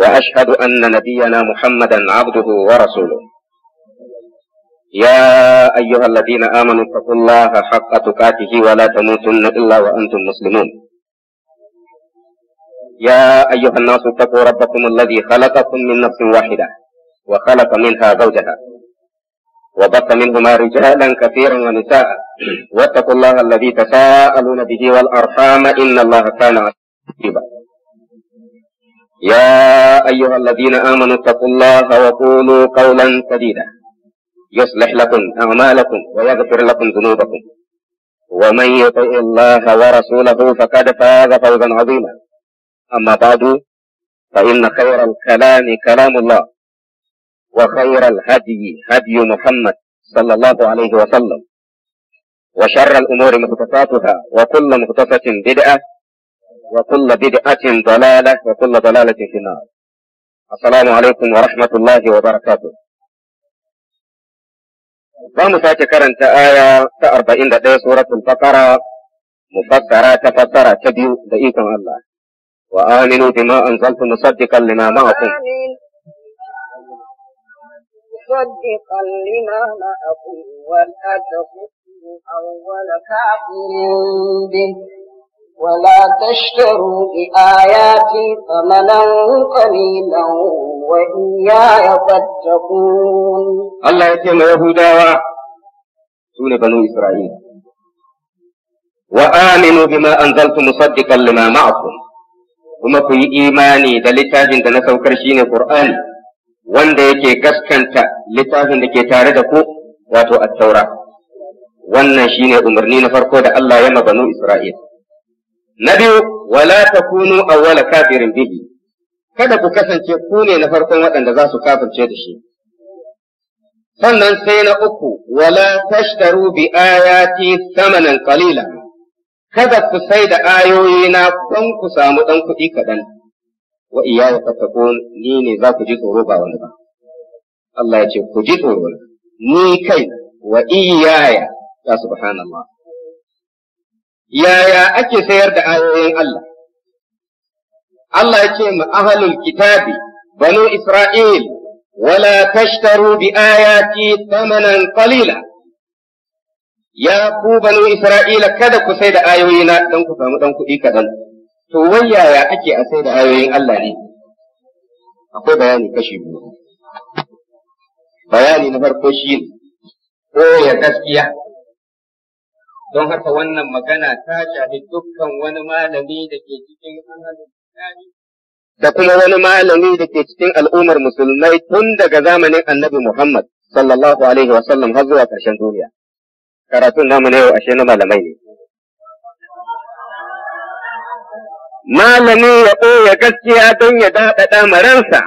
وأشهد أن نبينا محمدا عبده ورسوله يا أيها الذين آمنوا اتقوا الله حق تقاته ولا تموتن إلا وأنتم مسلمون يا أيها الناس اتقوا ربكم الذي خلقكم من نفس واحدة وخلق منها زوجها وبث منهما رجالا كثيرا ونساء واتقوا الله الذي تساءلون به والأرحام إن الله كان عسيبا يا أيها الذين آمنوا اتقوا الله وقولوا قولا سديدا يصلح لكم أعمالكم ويغفر لكم ذنوبكم ومن يطع الله ورسوله فقد فاز فوزا عظيما أما بعد فإن خير الكلام كلام الله وخير الهدي هدي محمد صلى الله عليه وسلم وشر الأمور مختصاتها وكل مختصة بدعة وكل بدعة ضلالة وكل ضلالة في النار السلام عليكم ورحمة الله وبركاته zamu sake karanta aya ta arba'in da ɗaya suratul baqara mufassara ta fassara ta biyu da ikon Allah wa aminu bima anzaltu musaddiqan lima ma'akum مصدقا لما معكم ولا تكونوا أول كافر به ولا تشتروا بآياتي ثمنا قليلا وإياي فاتقون الله يتيم يهودا سورة بنو إسرائيل وآمنوا بما أنزلت مصدقا لما معكم kuma ku yi imani da littafin da na saukar shine Kur'ani, wanda yake gaskanta littafin da ke tare da ku wato a taura wannan shine umarni na farko da Allah ya ma banu Isra'il na biyu wala kunu awwala kafirin bihi kada ku kasance ku ne na farkon waɗanda za su kafirce da shi sannan sai na uku wala tashtaru bi ayati thamanan qalila kada ku sai da na na ku samu ɗan kuɗi kaɗan wa iyawa fatakun ni ne za ku ji tsoro ba wani ba Allah ya ce ku ji tsoro ni kai wa iyaya ya subhanallah yaya ake sayar da ayoyin Allah Allah ya ce ma ahlul kitabi banu Isra'il wala tashtaru bi ayati tamanan qalila ya ku banu Isra'ila kada ku sai da ayoyina don ku samu dan kuɗi kaɗan. To wai yaya ake a sai da ayoyin Allah ne? Akwai bayani kashi biyu. Bayani na farko shi ne, Ko ya gaskiya, don haka wannan magana ta shafi dukkan wani malami da ke cikin da kuma wani malami da ke cikin al'ummar musulmai tun daga zamanin annabi Muhammad sallallahu alaihi wa sallam har zuwa ƙarshen duniya. Karatun namu na yau ashe na malamai ne. Malami ya ɓoye gaskiya don ya daɗaɗa ma ransa,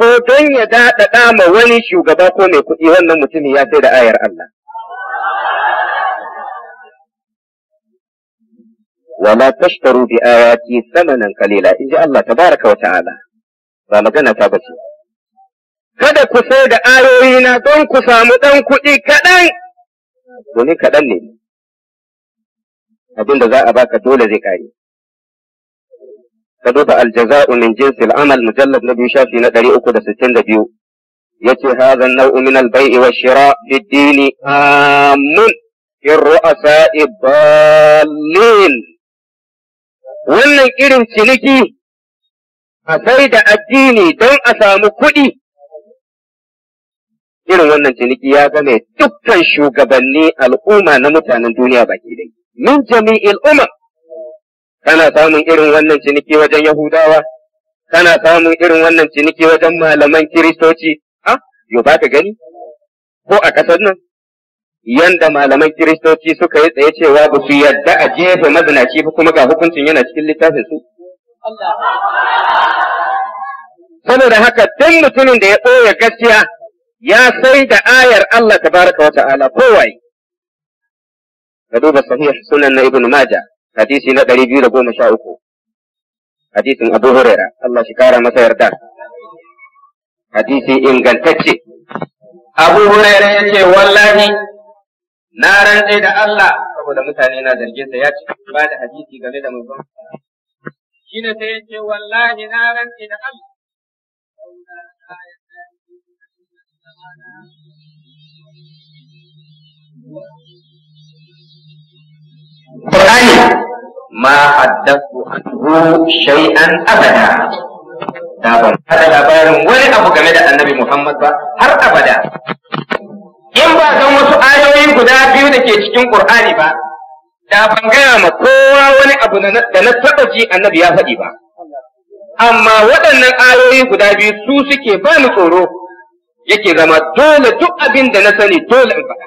ko don ya daɗaɗa ma wani shugaba ko mai kuɗi wannan mutumin ya sai da ayar Allah. wa la tashtaru bi ayati samanan kalila inji Allah baraka wa ta'ala ba magana ta bace kada ku sai da ayoyi na don ku samu dan kuɗi kaɗan domin kaɗan ne abinda za a baka dole zai kare ka duba aljaza'u min jinsi al'amal mujallar na biyu shafi na ɗari uku da sittin da biyu yace ce haza nawu min al-bay'i shira bid amun في الرؤساء الضالين wannan irin ciniki a sai da addini don a samu kuɗi irin wannan ciniki ya game dukkan shugabanni al'umma na mutanen duniya baki dai min jami'il umma kana samun irin wannan ciniki wajen yahudawa kana samun irin wannan ciniki wajen malaman kiristoci Ah yau ba ka gani ko a ƙasar nan yanda malaman kiristoci suka yi tsaye cewa ba su yarda a jefe mazinaci ba kuma ga hukuncin yana cikin littafin su saboda haka duk mutumin da ya ɓoye gaskiya ya sai da ayar Allah ta baraka wa ta'ala kowai ka duba sahih sunan na ibn majah hadisi na ɗari biyu da goma sha uku. hadisin abu huraira Allah shi kara masa yarda hadisi ingantacce abu huraira ce wallahi na rantse da Allah saboda mutane na zarge sa ya ci ba da hadisi game da manzon shine ta sai yace wallahi na rantse da Allah Qur'ani ma haddathu anhu shay'an abada da ban hada labarin wani abu game da Annabi Muhammad ba har abada in ba zan wasu ayoyi guda biyu da ke cikin ƙur'ani ba da ban gaya ma kowa wani abu da na taɓa ji annabi ya faɗi ba amma waɗannan ayoyi guda biyu su suke ba ni tsoro yake zama dole duk abin da na sani dole in faɗa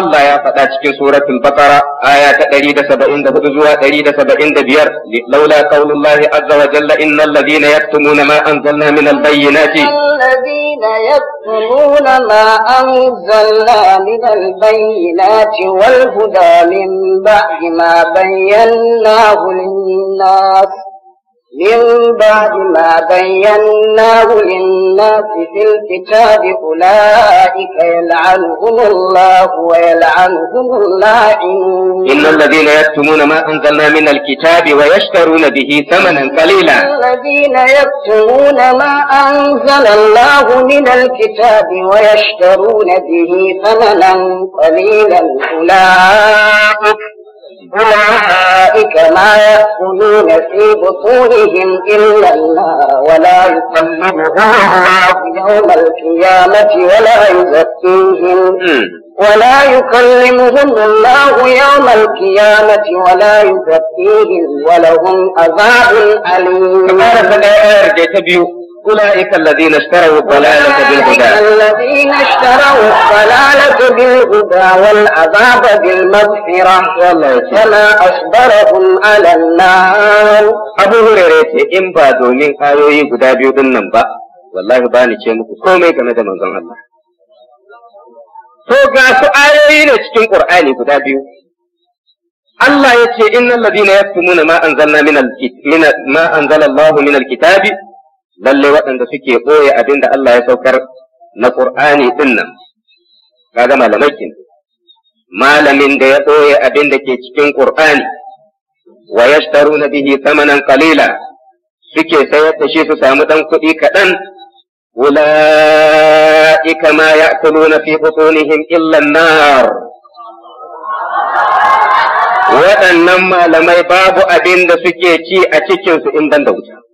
الله يا فتاة فتاتك سورة البقرة آية تريد سبعين تفضوها تريد سبعين تبير لولا قول الله عز وجل إن الذين يكتمون ما أنزلنا من البينات إن الذين يكتمون ما أنزلنا من البينات والهدى من بعد ما بيناه للناس من بعد ما بيناه للناس في الكتاب أولئك يلعنهم الله ويلعنهم اللاعنون إن الذين يكتمون ما أنزلنا من الكتاب ويشترون به ثمنا قليلا إن الذين يكتمون ما أنزل الله من الكتاب ويشترون به ثمنا قليلا أولئك أولئك ما يأكلون في بطونهم إلا النار ولا يكلمهم الله يوم القيامة ولا يزكيهم ولا يكلمهم الله يوم القيامة ولا يزكيهم ولهم عذاب أليم. أولئك الذين اشتروا الضلالة بالهدى الذين اشتروا الضلالة بالهدى والعذاب بالمغفرة فلا أصبرهم على النار أبو هريرة إن بادوا من خايو يغدى بيضن نمبا والله باني شيمك كومي كما تمنزل الله فوقع سؤالين اشتن قرآن يغدى بيو الله يتشي إن الذين يكتمون ما أنزلنا من, الكت... من ما أنزل الله من الكتاب lalle waɗanda suke ɓoye abin da Allah ya saukar na Ƙur'ani ɗin nan, kaga malamai kin. Malamin da ya ɓoye abin da ke cikin Ƙur'ani, wa yashtaru na bihi samanan kalila suke sayar da shi su samu ɗan kuɗi kaɗan, ula'ika ma na fi butunihim illan nar. Waɗannan malamai babu abin da suke ci a cikinsu in ban da wuta.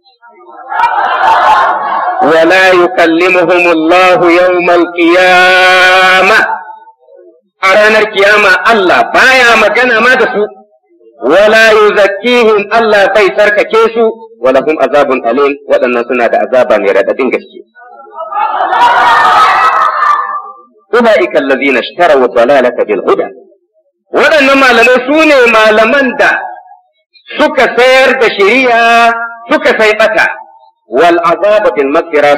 ولا يكلمهم الله يوم القيامة أرانا القيامة الله بايا مكان ما دسو ولا يزكيهم الله بي ترك كيسو ولهم عذاب أليم وأن سنة عذابا يرددين قسكي أولئك الذين اشتروا الضلالة بالهدى وأن malamai sune malaman da suka sayar da shari'a suka sai bata wal azaba bil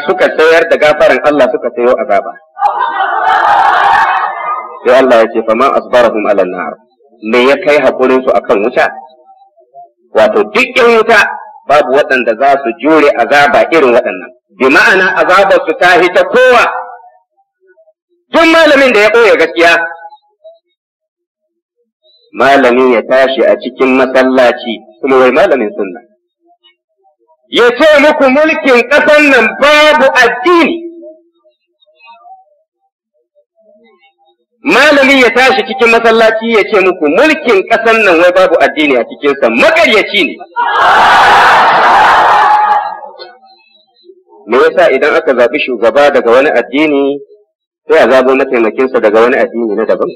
suka sayar da gafaran Allah suka sayo azaba sai Allah ya ce fama asbarahum ala nar me ya kai hakurin su akan wuta wato duk wuta babu waɗanda za su jure azaba irin waɗannan bi ma'ana azabar su ta hita kowa tun malamin da ya ɓoye gaskiya malamin ya tashi a cikin masallaci kuma wai malamin sunna ya ce muku mulkin ƙasan nan babu addini malami ya tashi cikin masallaci ya ce muku mulkin ƙasan nan wai babu addini a cikinsa makaryaci ne me yasa idan aka zaɓi shugaba daga wani addini sai a zaɓo mataimakinsa daga wani addini na daban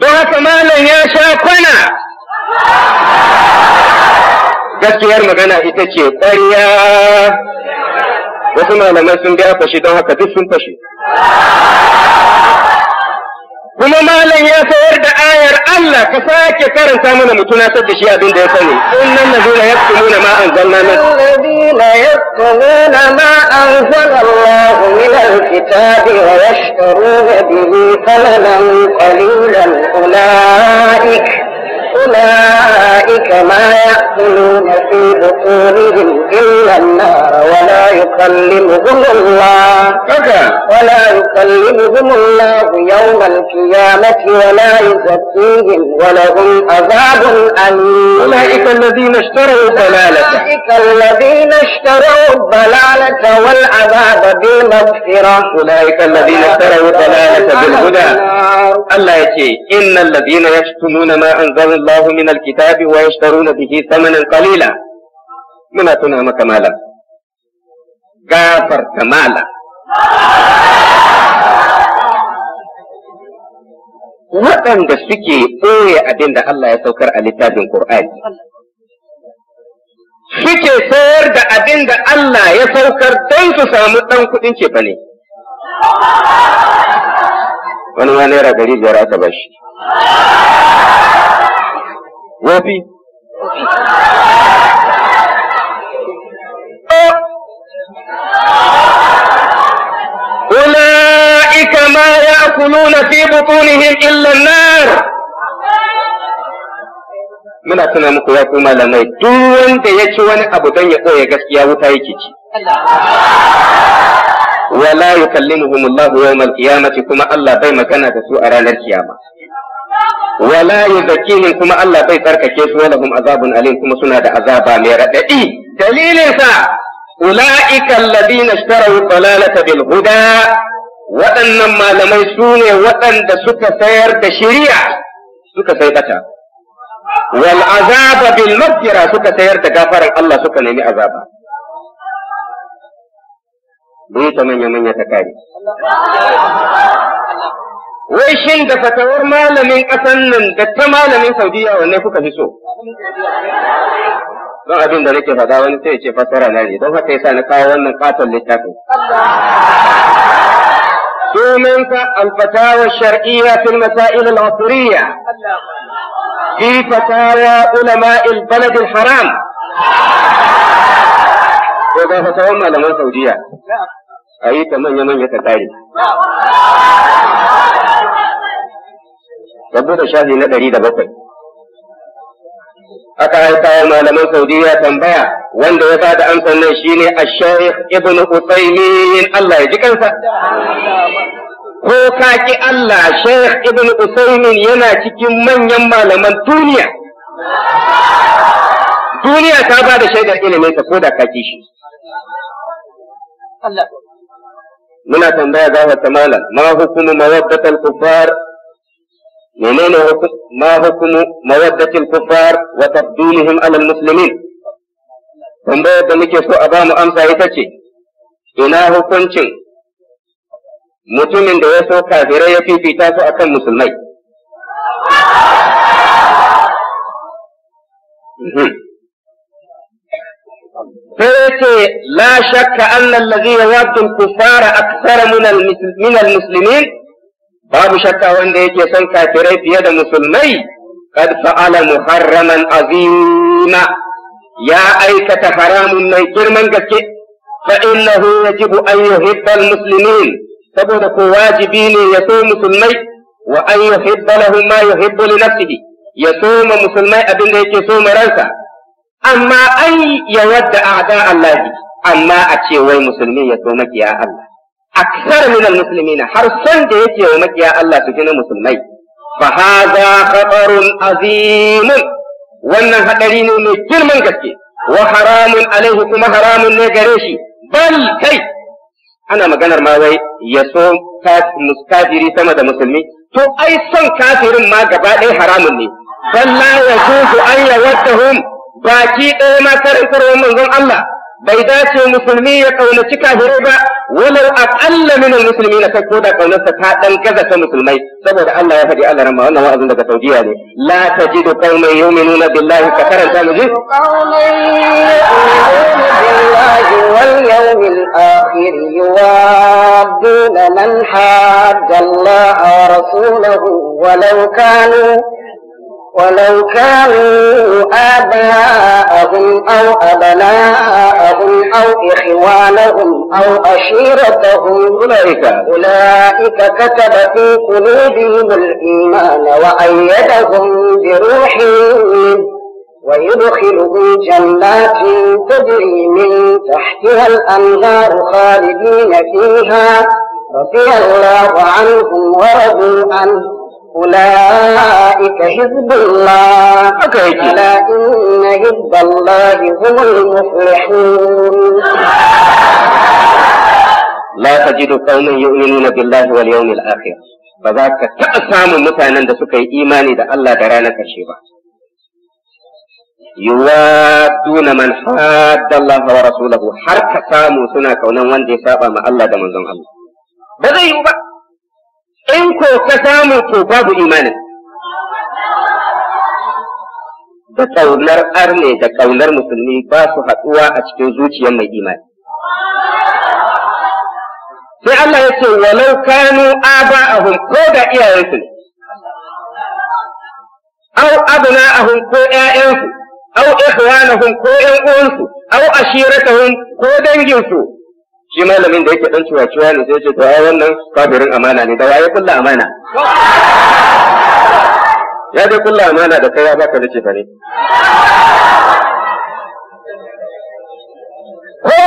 don haka malam ya sha kwana gaskiyar magana ita ce ƙarya wasu malaman sun ga fashi don haka duk sun fashe kuma malam ya sayar da ayar Allah ka sake karanta mana mutuna tunatar da shi abin da ya sani innan nazina yaktumuna ma anzalna min alladhina yaktumuna ma anzala Allah min alkitabi wa yashtaruna bihi thamanan qalilan ulaika أولئك ما يأكلون في بطونهم إلا النار ولا يكلمهم الله ولا يكلمهم الله يوم القيامة ولا يزكيهم ولهم عذاب أليم أولئك الذين اشتروا الضلالة أولئك الذين اشتروا الضلالة والعذاب بالمغفرة أولئك الذين اشتروا الضلالة بالهدى الله يجي إن الذين يشتمون ما أنزلنا الله من الكتاب ويشترون به ثمنا قليلا من أتنا مكمالا كافر كمالا وقام بسكي أوي أدين ده الله يسوكر على تاب القرآن سكي سير ده أدين ده الله يسوكر دين تسامت دون كتين شبني وانوانيرا قليل جراتا بشي وفي أولئك ما يأكلون في بطونهم إلا النار muna tuna muku ya kuma lamai duk wanda ya ci wani abu don ya ɓoye gaskiya wuta yake ci. Wala yukallimuhumullahu yawmal qiyamati kuma Allah bai magana da su a ranar kiyama. wala yuzakkihim kuma Allah bai tsarkake su walahum azabun alim kuma suna da azaba mai raɗaɗi dalilin sa ulaika alladhina ishtaraw dalalata bil huda waɗannan malamai su ne waɗanda suka sayar da shari'a suka sai bata wal azaba bil suka sayar da gafaran Allah suka nemi azaba bai ta manya manya ta kare ويشين دا فتاور مالا من قسن دا تمالا من سودية ونكو كفسو لا أبين دليك فدا ونسي إيشي فترة نالي دوها تيسا نكاو ونن قاتل لتاكو سومن الفتاوى الشرعية في المسائل العصرية في فتاوى علماء البلد الحرام وذا فتاوى مالا من سودية أي تمنى من يتتاري ka bude shafi na ɗari da bakwai. Aka aika wa malaman Saudiya tambaya wanda ya bada amsar nan shine Ash-Shaykh Ibn Uthaymeen Allah ya ji kansa. Ko ka ki Allah Shaykh Ibn Uthaymeen yana cikin manyan malaman duniya. Duniya ta bada shaidar ilimin ka ko da ka ki shi. Muna tambaya ga ta malam ma hukumu mawaddatal kuffar menene ma hukumu mawaddatil kuffar wa tabdilihim alal muslimin tambayar da muke so a ba amsa ita ce ina hukuncin mutumin da ya so kafirai ya fifita su akan musulmai فيتي لا شك أن الذي يود الكفار أكثر من, المسل... من المسلمين babu shakka wanda yake son kafirai fiye da musulmai kad fa'ala muharraman azima ya aikata haramun mai girman gaske fa innahu yajibu an yuhibba almuslimin saboda ko wajibi ne ya so musulmai wa an yuhibba lahum ma yuhibbu li nafsihi ya so musulmai abinda yake so ma ransa amma ai ya wadda a'da Allah amma a ce wai musulmi ya so makiya Allah aksar minal na har sanda ya yake wa makiya Allah su gina musulmai fa hadha khatarun azimun wannan haɗari ne mai girman gaske wa haramun alaihi kuma haramun ne gare shi bal kai ana maganar ma wai ya so kafiri sama da musulmi to ai son kafirin ma gaba ɗaya haramun ne balla ya zuzu an yawattahum baki ɗaya ma karantarwar manzon Allah بيداتي مسلمية كونتي كافرة ولو أقل من المسلمين تكودا كونتا تاتن كذا كمسلمي سبب الله يا فدي الله رمى أنا وأظن لك توجيهني لا تجد قوما يؤمنون بالله كثرا تجد قوما يؤمنون بالله واليوم الآخر يوادون من حاد الله ورسوله ولو كانوا ولو كانوا آباءهم أو أبناءهم أو إخوانهم أو عشيرتهم أولئك أولئك كتب في قلوبهم الإيمان وأيدهم بروح ويدخلهم جنات تجري من تحتها الأنهار خالدين فيها رضي الله عنهم ورضوا عنه أولئك حزب الله ألا إن الله هم المفلحون لا تجد قوما يؤمنون بالله واليوم الآخر فذاك تأسام مثلا عند سكي إيمان إذا الله درانا كشيبا يوادون من حاد الله ورسوله حركة ساموا سنة كونا وان دي سابا ما الله دمان الله بذي يوبا in ko ka samu ko babu imanin da ƙaunar arne da ƙaunar musulmi ba su haɗuwa a cikin zuciyar mai imani sai Allah ya ce walau kanu a ko da iyayensu ne a abna'ahum ko ‘ya’yansu, au ikhwanahum ko ƴan uwansu au ashiratahum ko danginsu shi malamin da yake dan ciwa-ciwa ne sai ce to ai wannan kafirin amana ne da waye kullu amana ya dai kullu amana da kai ya baka da ce ko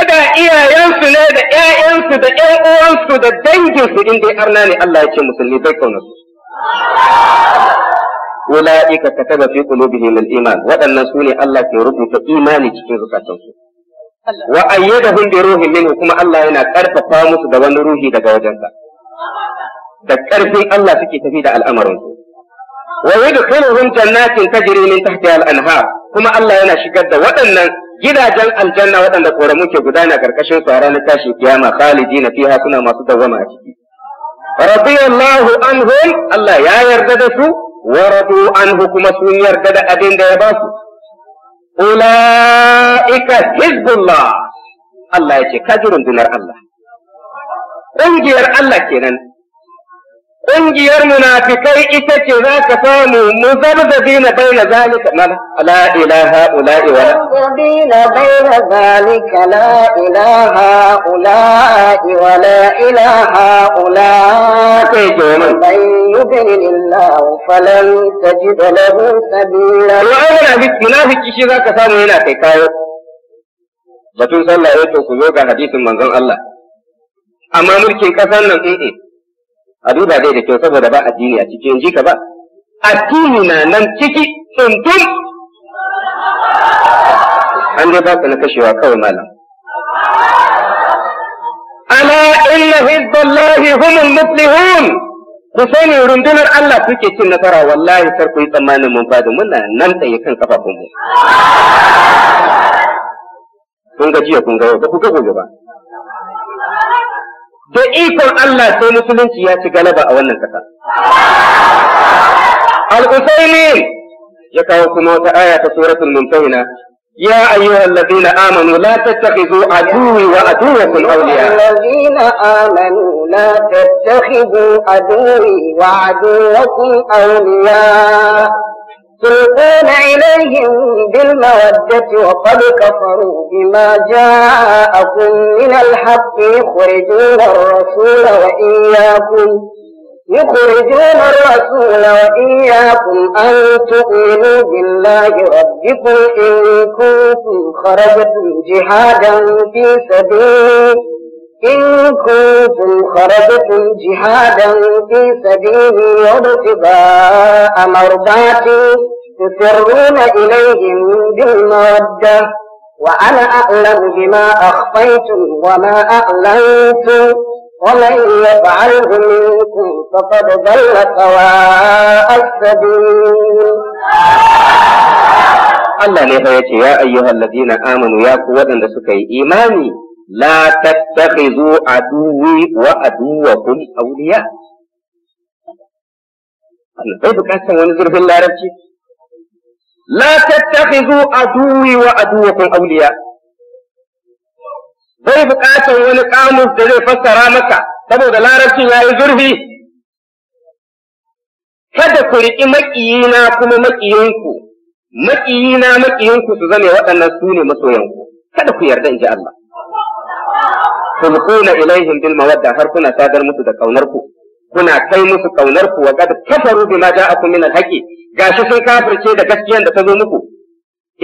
da iyayensu ne da ƴaƴansu da ƴan uwansu da danginsu in dai arna ne Allah ya ce musulmi bai kauna su ulaika kataba fi qulubihim al-iman waɗannan su ne Allah ke rubuta imani cikin zukatansu wa ayyadahum bi ruhin minhu kuma Allah yana karfafa musu da wani ruhi daga wajensa da karfin Allah suke tafi da al'amarin su wa yadkhuluhum jannatin tajri min tahtiha al-anhar kuma Allah yana shigar da waɗannan gidajen aljanna waɗanda koramu ke gudana karkashin su a ranar tashi kiyama khalidina fiha suna masu dawwama a ciki radiyallahu anhum Allah ya yarda da su wa radu anhu kuma sun yarda da abin da ya ba su ula'ika hizbullah Allah ya ce kaji rundunar Allah ƙungiyar Allah kenan ƙungiyar munafikai ita ce za ka samu muzabzabi na bai na zalika mana la ilaha ula'i wa muzabzabi na bai na zalika la ilaha ula'i wa la ilaha ula'i kai kenan bai yubin lillahu falan tajid lahu sabila wa ai munafiki shi za ka samu yana kai kayo batun sallah ya to ku zo ga hadisin manzon Allah amma mulkin kasar nan in a duba dai da kyau saboda ba addini a cikin jika ba addini na nan ciki tuntun an dai ba ku na kashewa kawai malam ala inna hizballahi humul muflihun ku sani rundunar Allah kuke cin nasara wallahi kar ku yi tsammanin mun fadi muna nan tsaye kan kafafunmu kun ga jiya kun ga yau ba ku ga gobe ba To ikon Allah sai musulunci ya ci galaba a wannan ƙasa. Al-Usaini ya kawo kuma wata aya ta suratul Mumtahina يا أيها الذين آمنوا لا تتخذوا عدوي وعدوكم أولياء الذين آمنوا لا تتخذوا عدوي وعدوكم أولياء يلقون إليهم بالمودة وقد كفروا بما جاءكم من الحق يخرجون الرسول وإياكم يخرجون الرسول وإياكم أن تؤمنوا بالله ربكم إن كنتم خرجتم جهادا في سبيل إن كنتم خرجتم جهادا في سبيلي وابتغاء مرضاتي تسرون إليهم بالمودة وأنا أعلم بما أخفيتم وما أعلنتم ومن يفعله منكم فقد ضل سواء السبيل الله ليه يا أيها الذين آمنوا يا قوة ya إيماني la tattakhidhu aduwwi wa aduwwakum awliya bai bukatar wani zurfin larabci la tattakhidhu aduwwi wa aduwwakum awliya bai bukatar wani kamus da zai fassara maka saboda larabcin yayi zurfi kada ku riƙi maƙiyina kuma maƙiyinku maƙiyina maƙiyinku su zame waɗannan su ne masoyanku kada ku yarda in ji Allah tulquna ilaihim bil mawadda har kuna sadar musu da kaunar ku kuna kai musu kaunar ku wa qad kafaru a ja'akum min al-haqi gashi sun kafirce da gaskiyan da ta zo muku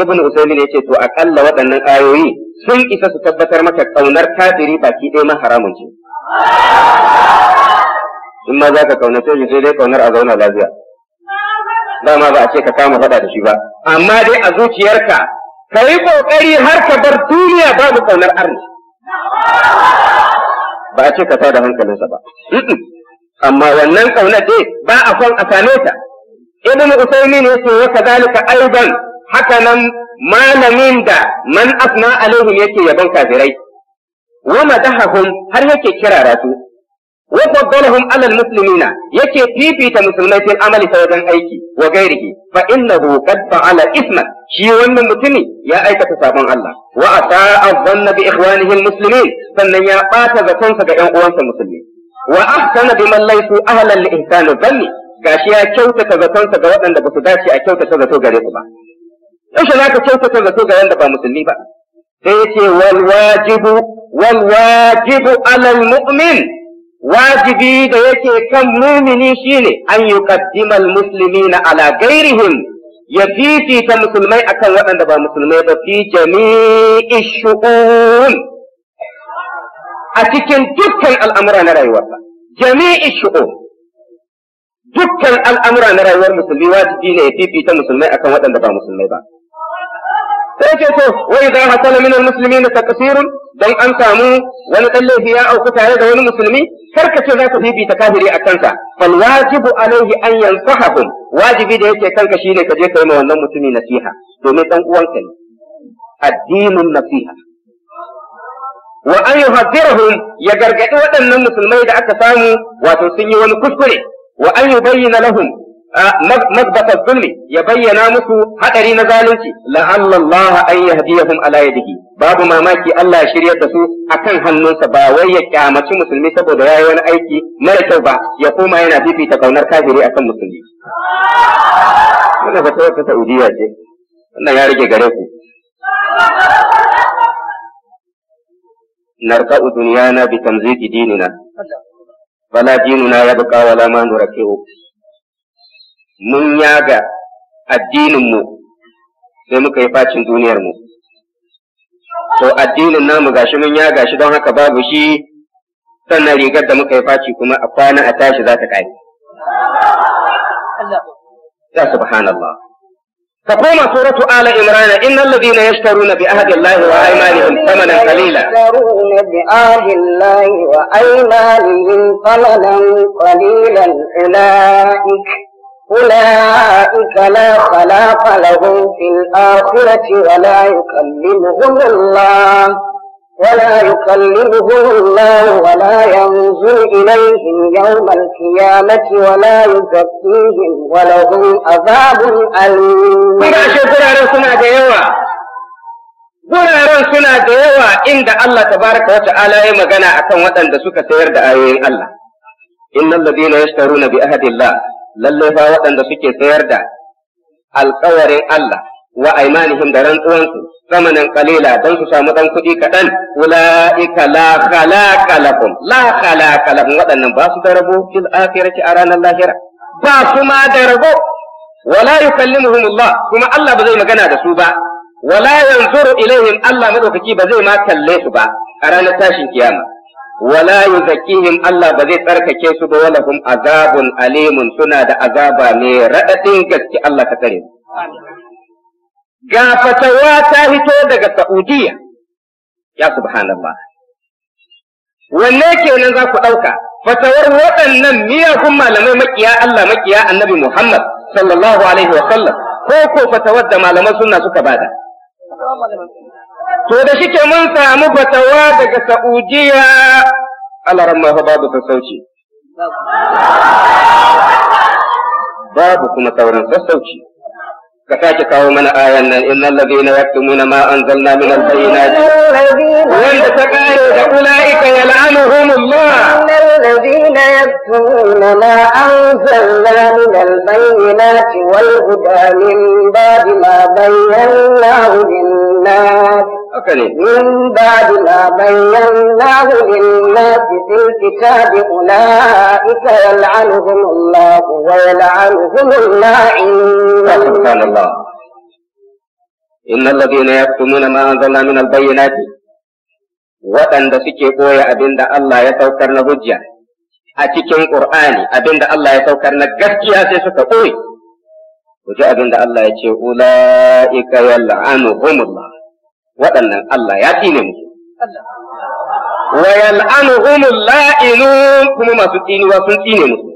ibnu usaymin ce to akalla waɗannan ayoyi sun isa su tabbatar maka kaunar kafiri baki ɗaya ma haramun ce in ma za ka kaunace shi sai dai kaunar a zauna lafiya dama ba a ce ka kama faɗa da shi ba amma dai a zuciyarka ka yi ƙoƙari har ka bar duniya babu kaunar arni ba a ce ka tada hankalinsa ba amma wannan ƙaunar ce ba a son a same ta ibn ya yace wa kadhalika aidan haka nan malamin da man asna alaihim yake yaban kafirai wa madahahum har yake kira su wa faddalahum ala almuslimina yake fifita musulmai fil amali ta wajen aiki wa gairihi fa innahu qad fa'ala isman shi wannan mutumi ya aikata sabon Allah wa ata nabi bi ikhwanihi almuslimin sannan ya bata zatonsa ga 'yan uwansa musulmi wa ahsana biman laysu ahlan li ihsani dhanni gashi ya kyautata zatonsa ga waɗanda ba su dace a kyautata zato gare su ba yaushe za ka kyautata zato ga da ba musulmi ba sai ya ce wal wajibu alal mu'min wajibi da yake kan mumini shine an yuqaddima musulmi ala ghairihim ya fi ta musulmai akan waɗanda ba musulmai ba fi jami'i shu'un a cikin dukkan al'amura na rayuwar ba, jami'i shu'un dukkan al'amura na rayuwar musulmi wajibi ne ya fi ta musulmai akan waɗanda ba musulmai ba sai ce so wai idan hasala musulmi na takasirun don an samu wani ɗan laifi ya auku tare da wani musulmi Kar ka ce za ka fifita kafiri a kansa fal wajibu alaihi an yansahahum wajibi da yake kanka shine ka je kai ma wannan mutumi nasiha domin dan uwanka ne addinin nasiha wa an yuhaddirahum ya gargadi waɗannan musulmai da aka samu wato sun yi wani kuskure wa an yubayyana lahum مكبت الظلم يبين مسو هدري نزالنك لعل الله أن يهديهم على يده babu mamaki Allah ya shirya da su akan hannunsa ba wai ya kyamaci musulmi saboda yayi wani aiki mara kyau ba ya koma yana fifita kaunar kafiri akan musulmi wannan ba ta Saudiya ce wannan ya rage gare ku دنيانا بتمزيق ديننا فلا ديننا يبقى ولا ما نركئه mun yaga addininmu sai muka yi facin duniyarmu to addinin namu gashi mun yaga shi don haka babu shi sannan rigar da muka yi faci kuma a kwana a tashi za ta kare ya subhanallah ka koma suratu ala imrana innal ladina yashtaruna bi ahdi allahi wa aymanihim thamanan qalila yashtaruna bi ahdi allahi wa aymanihim thamanan qalilan ulaika أولئك لا خلاق لهم في الآخرة ولا يكلمهم الله ولا يكلمهم الله ولا ينظر إليهم يوم القيامة ولا يزكيهم ولهم عذاب أليم. Guraren suna da yawa inda Allah tabaraka wa ta'ala ya magana akan waɗanda suka sayar da ayoyin Allah. Innal ladina yashtaruna bi ahdillah lalle fa waɗanda suke sayar da alkawarin Allah wa aimanihim da rantsuwansu zamanin kalila don su samu ɗan kuɗi kaɗan ula'ika la khalaqa lakum la khalaqa lakum waɗannan ba su da rabo fil akhirati a ranar lahira ba su ma da rabo wala Allah, kuma Allah ba zai magana da su ba wala yanzuru ilaihim Allah madaukaki ba zai ma kalle su ba a ranar tashin kiyama wala yuzakkihim Allah ba zai tsarkake su ba wala azabun alimun suna da azaba ne radadin gaske Allah ka tsare ga fatawa ta hito daga Saudiya ya subhanallah wanne kenan za ku ɗauka fatawar waɗannan miyagun malamai makiya Allah makiya annabi Muhammad sallallahu alaihi wa sallam ko ko fatawar da malaman sunna suka bada to da shike mun samu fatawa daga Saudiya alaran ma fa babu sassauci babu kuma sauran sassauci ka sake kawo mana ayan nan innal ladina yaktumuna ma anzalna min al-bayyinati wanda ta kare da ulaika yal'anuhumullah innal ladina yaktumuna ma anzalna min al-bayyinati wal huda min ba'di ma bayyanahu من بعد ما بيناه للناس في الكتاب أولئك يلعنهم الله ويلعنهم اللاعنين. سبحان الله. إن الذين يكتمون ما أنزلنا من البينات وأنت سكيكوية أبند الله يتوكرن هجة أتيكين قرآني أبند الله يتوكرن قرشي أسيسك قوي وجاء أبند الله يتوكرن أولئك يلعنهم الله waɗannan Allah ya tsine musu wa yal'anuhumul la'inu kuma masu tsiniwa sun tsine musu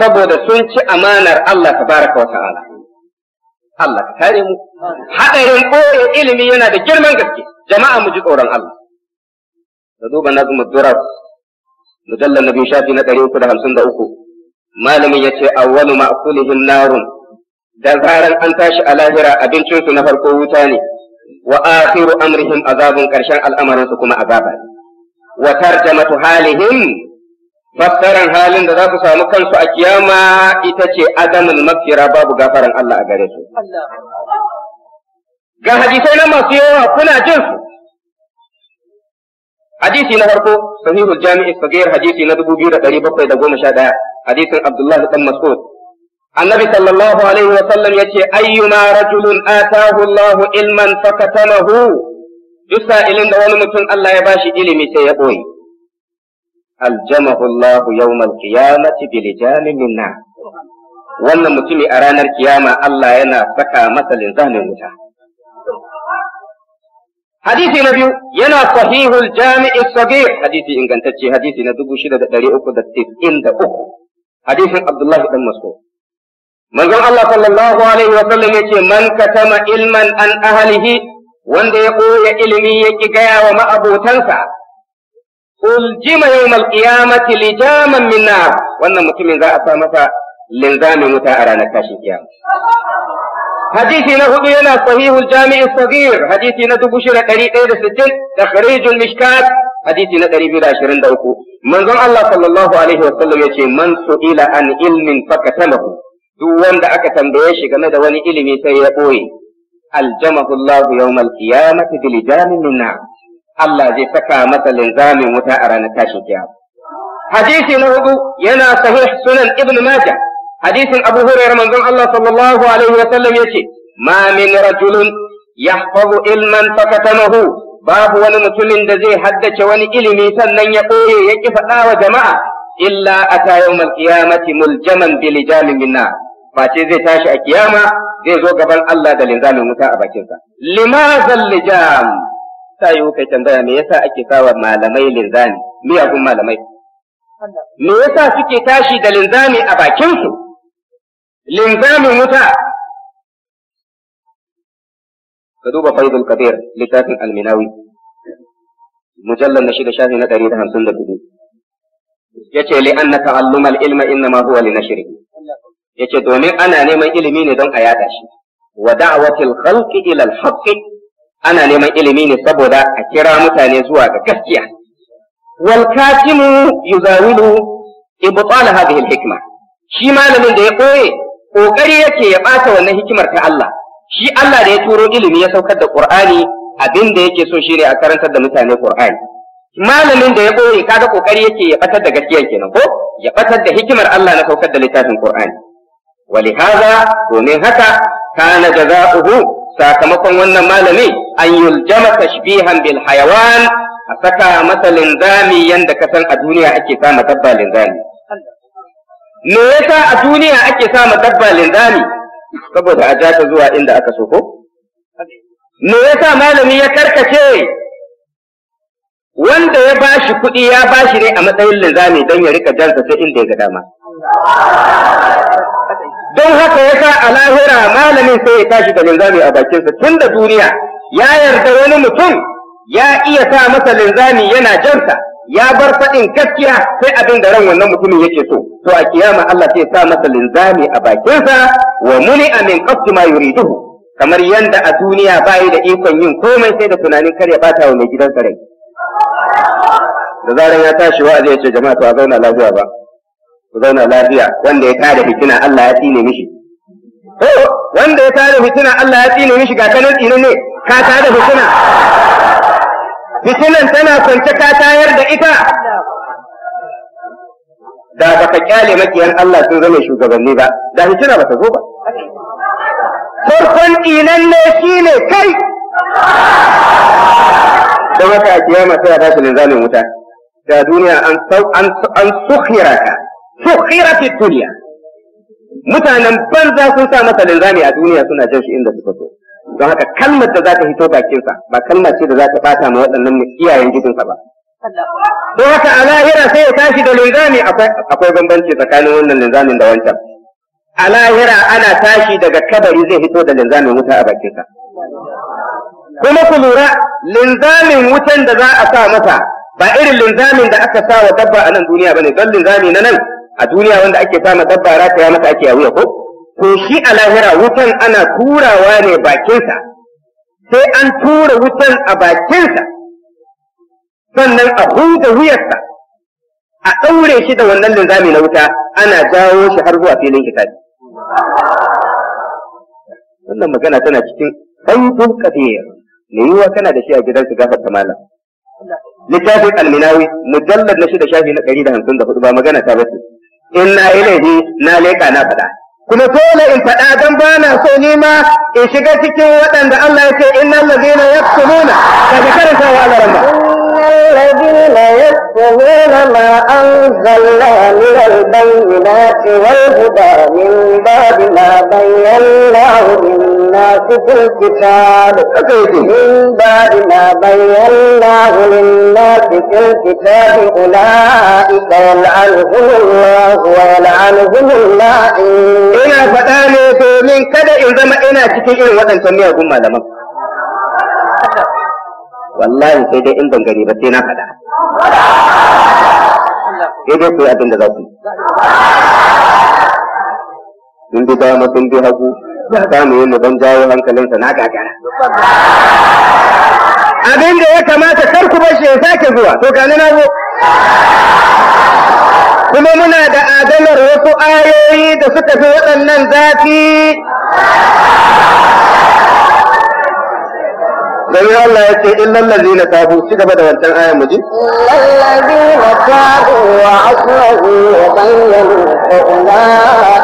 saboda sun ci amanar Allah baraka wa ta'ala Allah ka kare mu ilimi yana da girman gaske jama'a mu ji tsoron Allah da duba na zuma durar mujallar na biyu shafi na ɗari uku da hamsin da uku malamin ya ce awwalu ma'kulihim narun da zaran an tashi a lahira abincinsu na farko wuta ne wa akhiru amrihim azabun karshen al'amarin su kuma azaba wa tarjamatu halihim fassaran halin da za ku samu kansu a kiyama ita ce adamin mafira babu gafaran Allah a gare su ga hadisai na masu yawa kuna jin su hadisi na farko sahihul jami'i sagir hadisi na 2711 hadisin Abdullah dan Mas'ud annabi sallallahu alaihi wa sallam yace ayyuma rajulun atahu Allahu ilman fakatamahu duk sa'ilin da wani mutum Allah ya bashi ilimi sai ya boye aljamahu Allah yawmal qiyamati bil min wannan mutumi a ranar kiyama Allah yana saka masa linzamin wuta hadisi na biyu yana sahihul jami'i sagir hadisi ingantacce hadisi na 6393 hadisin Abdullahi dan Mas'ud manzon Allah sallallahu alaihi wa sallam yace man katama ilman an ahlihi wanda ya koya ilimi ya ki gaya wa ma'abotansa uljima yawmal qiyamati lijaman min nar wannan mutumin za a sa masa linzamin wuta a ranar tashin kiyama حديثي نهض هنا صحيح الجامع الصغير حديثي ندب شر قريب إيد السجن تخريج المشكات حديثي ندري بلا شرن دوكو من الله صلى الله عليه وسلم يقول من سئل عن علم فكتمه duk wanda aka tambaye shi game da wani ilimi sai ya ɓoye aljamahu Allah yawmal qiyamati bil minna Allah zai saka masa linzamin wuta a ranar tashin kiyama hadisi na hudu yana sahih sunan ibn majah hadisin abu hurairah manzon Allah sallallahu alaihi wa sallam yace ma min rajulun yahfazu ilman fakatamahu babu wani mutumin da zai haddace wani ilimi sannan ya ɓoye ya ƙi faɗawa jama'a illa ata yawmal qiyamati muljaman bi lijamin minna face zai tashi a kiyama zai zo gaban Allah da linzamin wuta a bakinsa Limazan lijam sai yi kai tambaya me yasa ake sawa malamai linzami miyagun malamai me yasa suke tashi da linzami a bakinsu linzamin wuta ka duba faidul kabir littafin alminawi mujallar na shida shafi na ɗari da hamsin da hudu ya ce li'anna ta'allumal ilma inna ma huwa li yace domin ana neman ilimi ne don a yada shi wa da'watil khalqi ila al ana neman ilimi ne saboda a kira mutane zuwa ga gaskiya wal katimu yuzawilu ibtal hadhihi al-hikma shi malamin da ya koye kokari yake ya bata wannan hikimar ta Allah shi Allah da ya turo ilimi ya saukar da Qur'ani abin da yake so shine a karantar da mutane Qur'ani malamin da ya boye kaga kokari yake ya batar da gaskiya kenan ko ya batar da hikimar Allah na saukar da littafin Qur'ani ولهذا ومن هكا كان جزاؤه sakamakon wannan malamin an yuljama tashbihan bil hayawan a saka masa linzami الدنيا ka san a duniya sama dabba linzami me yasa a duniya ake sama dabba linzami saboda a ta zuwa inda aka so ko me yasa malami ya karkace wanda ya bashi kuɗi ya bashi ne a matsayin linzami don ya rika jansa sai inda ya ga dama don haka ya sa a lahira malamin sai ya tashi da linzami a bakinsa tun da duniya ya yarda wani mutum ya iya sa masa linzami yana jansa ya bar faɗin gaskiya sai abin da ran wannan mutumin yake so to a kiyama Allah sai sa masa linzami a bakinsa wa muni amin qasdi ma yuriduhu kamar yadda a duniya bayi da ikon yin komai sai da tunanin kar ya bata wa mai gidansa rai da zaran ya tashi wa'azi ya ce jama'a to a zauna lafiya ba ku zauna lafiya wanda ya tada fitina Allah ya tsine mishi to wanda ya tada fitina Allah ya tsine mishi ga kanan tsine ne ka tada fitina fitinan tana kwance ka tayar da ita da baka kyale makiyan Allah sun zama shugabanni ba da fitina ba ta zo ba farkon tsinan ne shine kai da wata kiyama sai ya tashi linzamin wuta da duniya an sukhira ka sukhira fi dunya mutanen banza sun sa masa linzami a duniya suna jin shi inda suka so don haka kalmar da za ta hito sa ba kalmar ce da za ta fata ma waɗannan iyayen gidansa ba don haka a lahira sai ya tashi da linzami akwai bambanci tsakanin wannan linzamin da wancan a lahira ana tashi daga kabari zai hito da linzamin wuta a bakinsa kuma ku lura linzamin wutan da za a sa masa ba irin linzamin da aka sa wa dabba a nan duniya ba ne don linzami na nan a duniya wanda ake sa ma dabba rataya masa ake a wuya ko to shi a lahira wutan ana turawa ne bakinsa sai an tura wutan a bakinsa sannan a huda wuyarsa a ɗaure shi da wannan linzami na wuta ana jawo shi har zuwa filin kitabi wannan magana tana cikin sautun kafiyar me yiwuwa kana da shi a gidansu gafar malam littafin alminawi mujallar na shida shafi na ɗari da hamsin da hudu ba magana ta bace in na yi laifi na leƙa na faɗa kuma dole in faɗa don ba na so ni ma in shiga cikin waɗanda Allah ya ce innal ladina yaqtuluna daga karanta wa Allah الذين يكتمون ما أنزلنا من البينات والهدى من بعد ما بيناه للناس في الكتاب من بعد ما بيناه للناس في الكتاب أولئك يلعنهم الله ويلعنهم اللاعين إنا فتاني to min kada in zama ina cikin irin waɗancan miyagun wallahi sai dai in ban gani ba sai na faɗa sai dai ku yi abin da za ku sun bi dama sun bi hagu ya samu yin ban jawo hankalinsa na gagara abin da ya kamata kar ku bashi ya sake zuwa to gani na zo kuma muna da adalar wasu ayoyi da suka fi waɗannan zafi Gari Allah ya ce illal ladina tabu ci gaba da wancan ayan muji. Illal ladina tabu wa aslahu wa wa Allah ya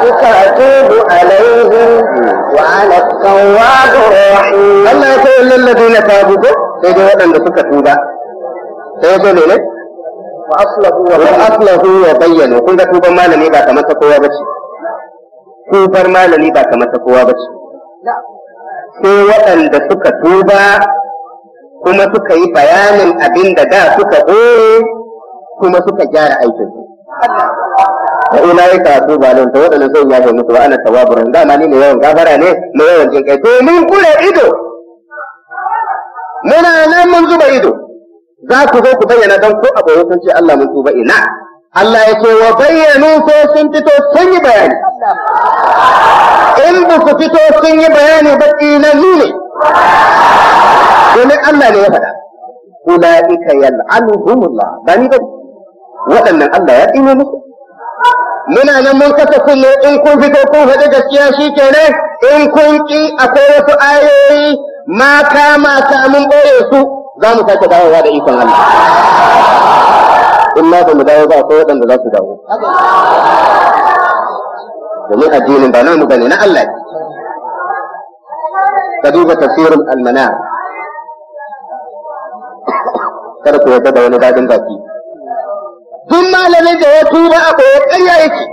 ce illal ladina tabu ko sai dai waɗanda suka tuba. Sai ya ce ne Wa aslahu wa kun ga tuban malami ba kamar ta kowa ba ce. Tubar malami ba kamar ta kowa ba ce. sai waɗanda suka tuba kuma suka yi bayanin abin da da suka ɓoye kuma suka gyara aikin da ina yi karatu ba nan ta waɗanda zai yafe musu ba ana burin dama ni ne yawan gafara ne na yawan jin kai to mun kure ido muna nan mun zuba ido za ku zo ku bayyana don ko a ɓoye ce Allah mun tuba ina Allah ya ce wa bayyanu sai sun fito sun yi bayani in ba su fito sun yi bayani ba ƙilallu ne domin Allah ne ya faɗa ulaika yal'anuhumullah ba ni ba waɗannan Allah ya tsine musu muna nan mun kasa kunne in kun fito kun faɗi gaskiya shi kenan in kun ƙi akwai wasu ayoyi mata mata mun ɓoye su za mu sake dawowa da ikon Allah in na ba mu dawo ba akwai waɗanda za su dawo domin addinin ba namu bane na Allah ka duba tafsirin almana kada ku yarda da wani daɗin baki duk malamin da ya tuba a koyar ƙarya yake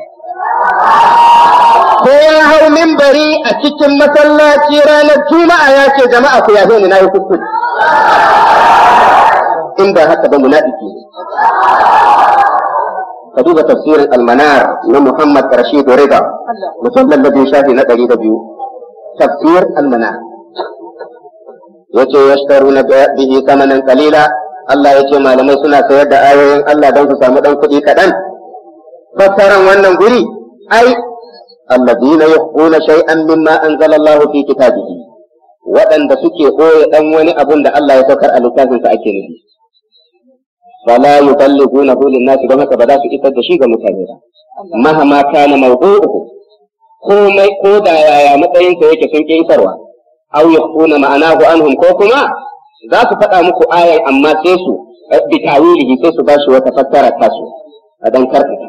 ko ya hau mimbari a cikin masallaci ranar juma'a ya ce jama'a ku yafe ni na yi kuskure in ba haka ba munafiki ne ka duba tafsirin almanar na muhammad rashid rida musamman da shafi na ɗari da biyu tafsir almanar yace yashtaruna bihi samanan qalila Allah yace malamai suna sayar da ayoyin Allah don su samu ɗan kuɗi kaɗan fassaran wannan guri ai alladina yuhquna shay'an mimma anzala Allah fi kitabihi waɗanda suke ɓoye ɗan wani abun da Allah ya saukar a littafinsa ake nufi. Fala yuballighuna hu lin-nasi don haka ba za su isar da shi ga mutane ba. Mahama kana mawdu'uhu komai ko da yaya matsayinsa yake sun ƙi isarwa. Aw ma'anahu anhum ko kuma za su faɗa muku ayar amma sai su eh, bi tawilihi sai su ba shi wata fassara tasu a dan karkata.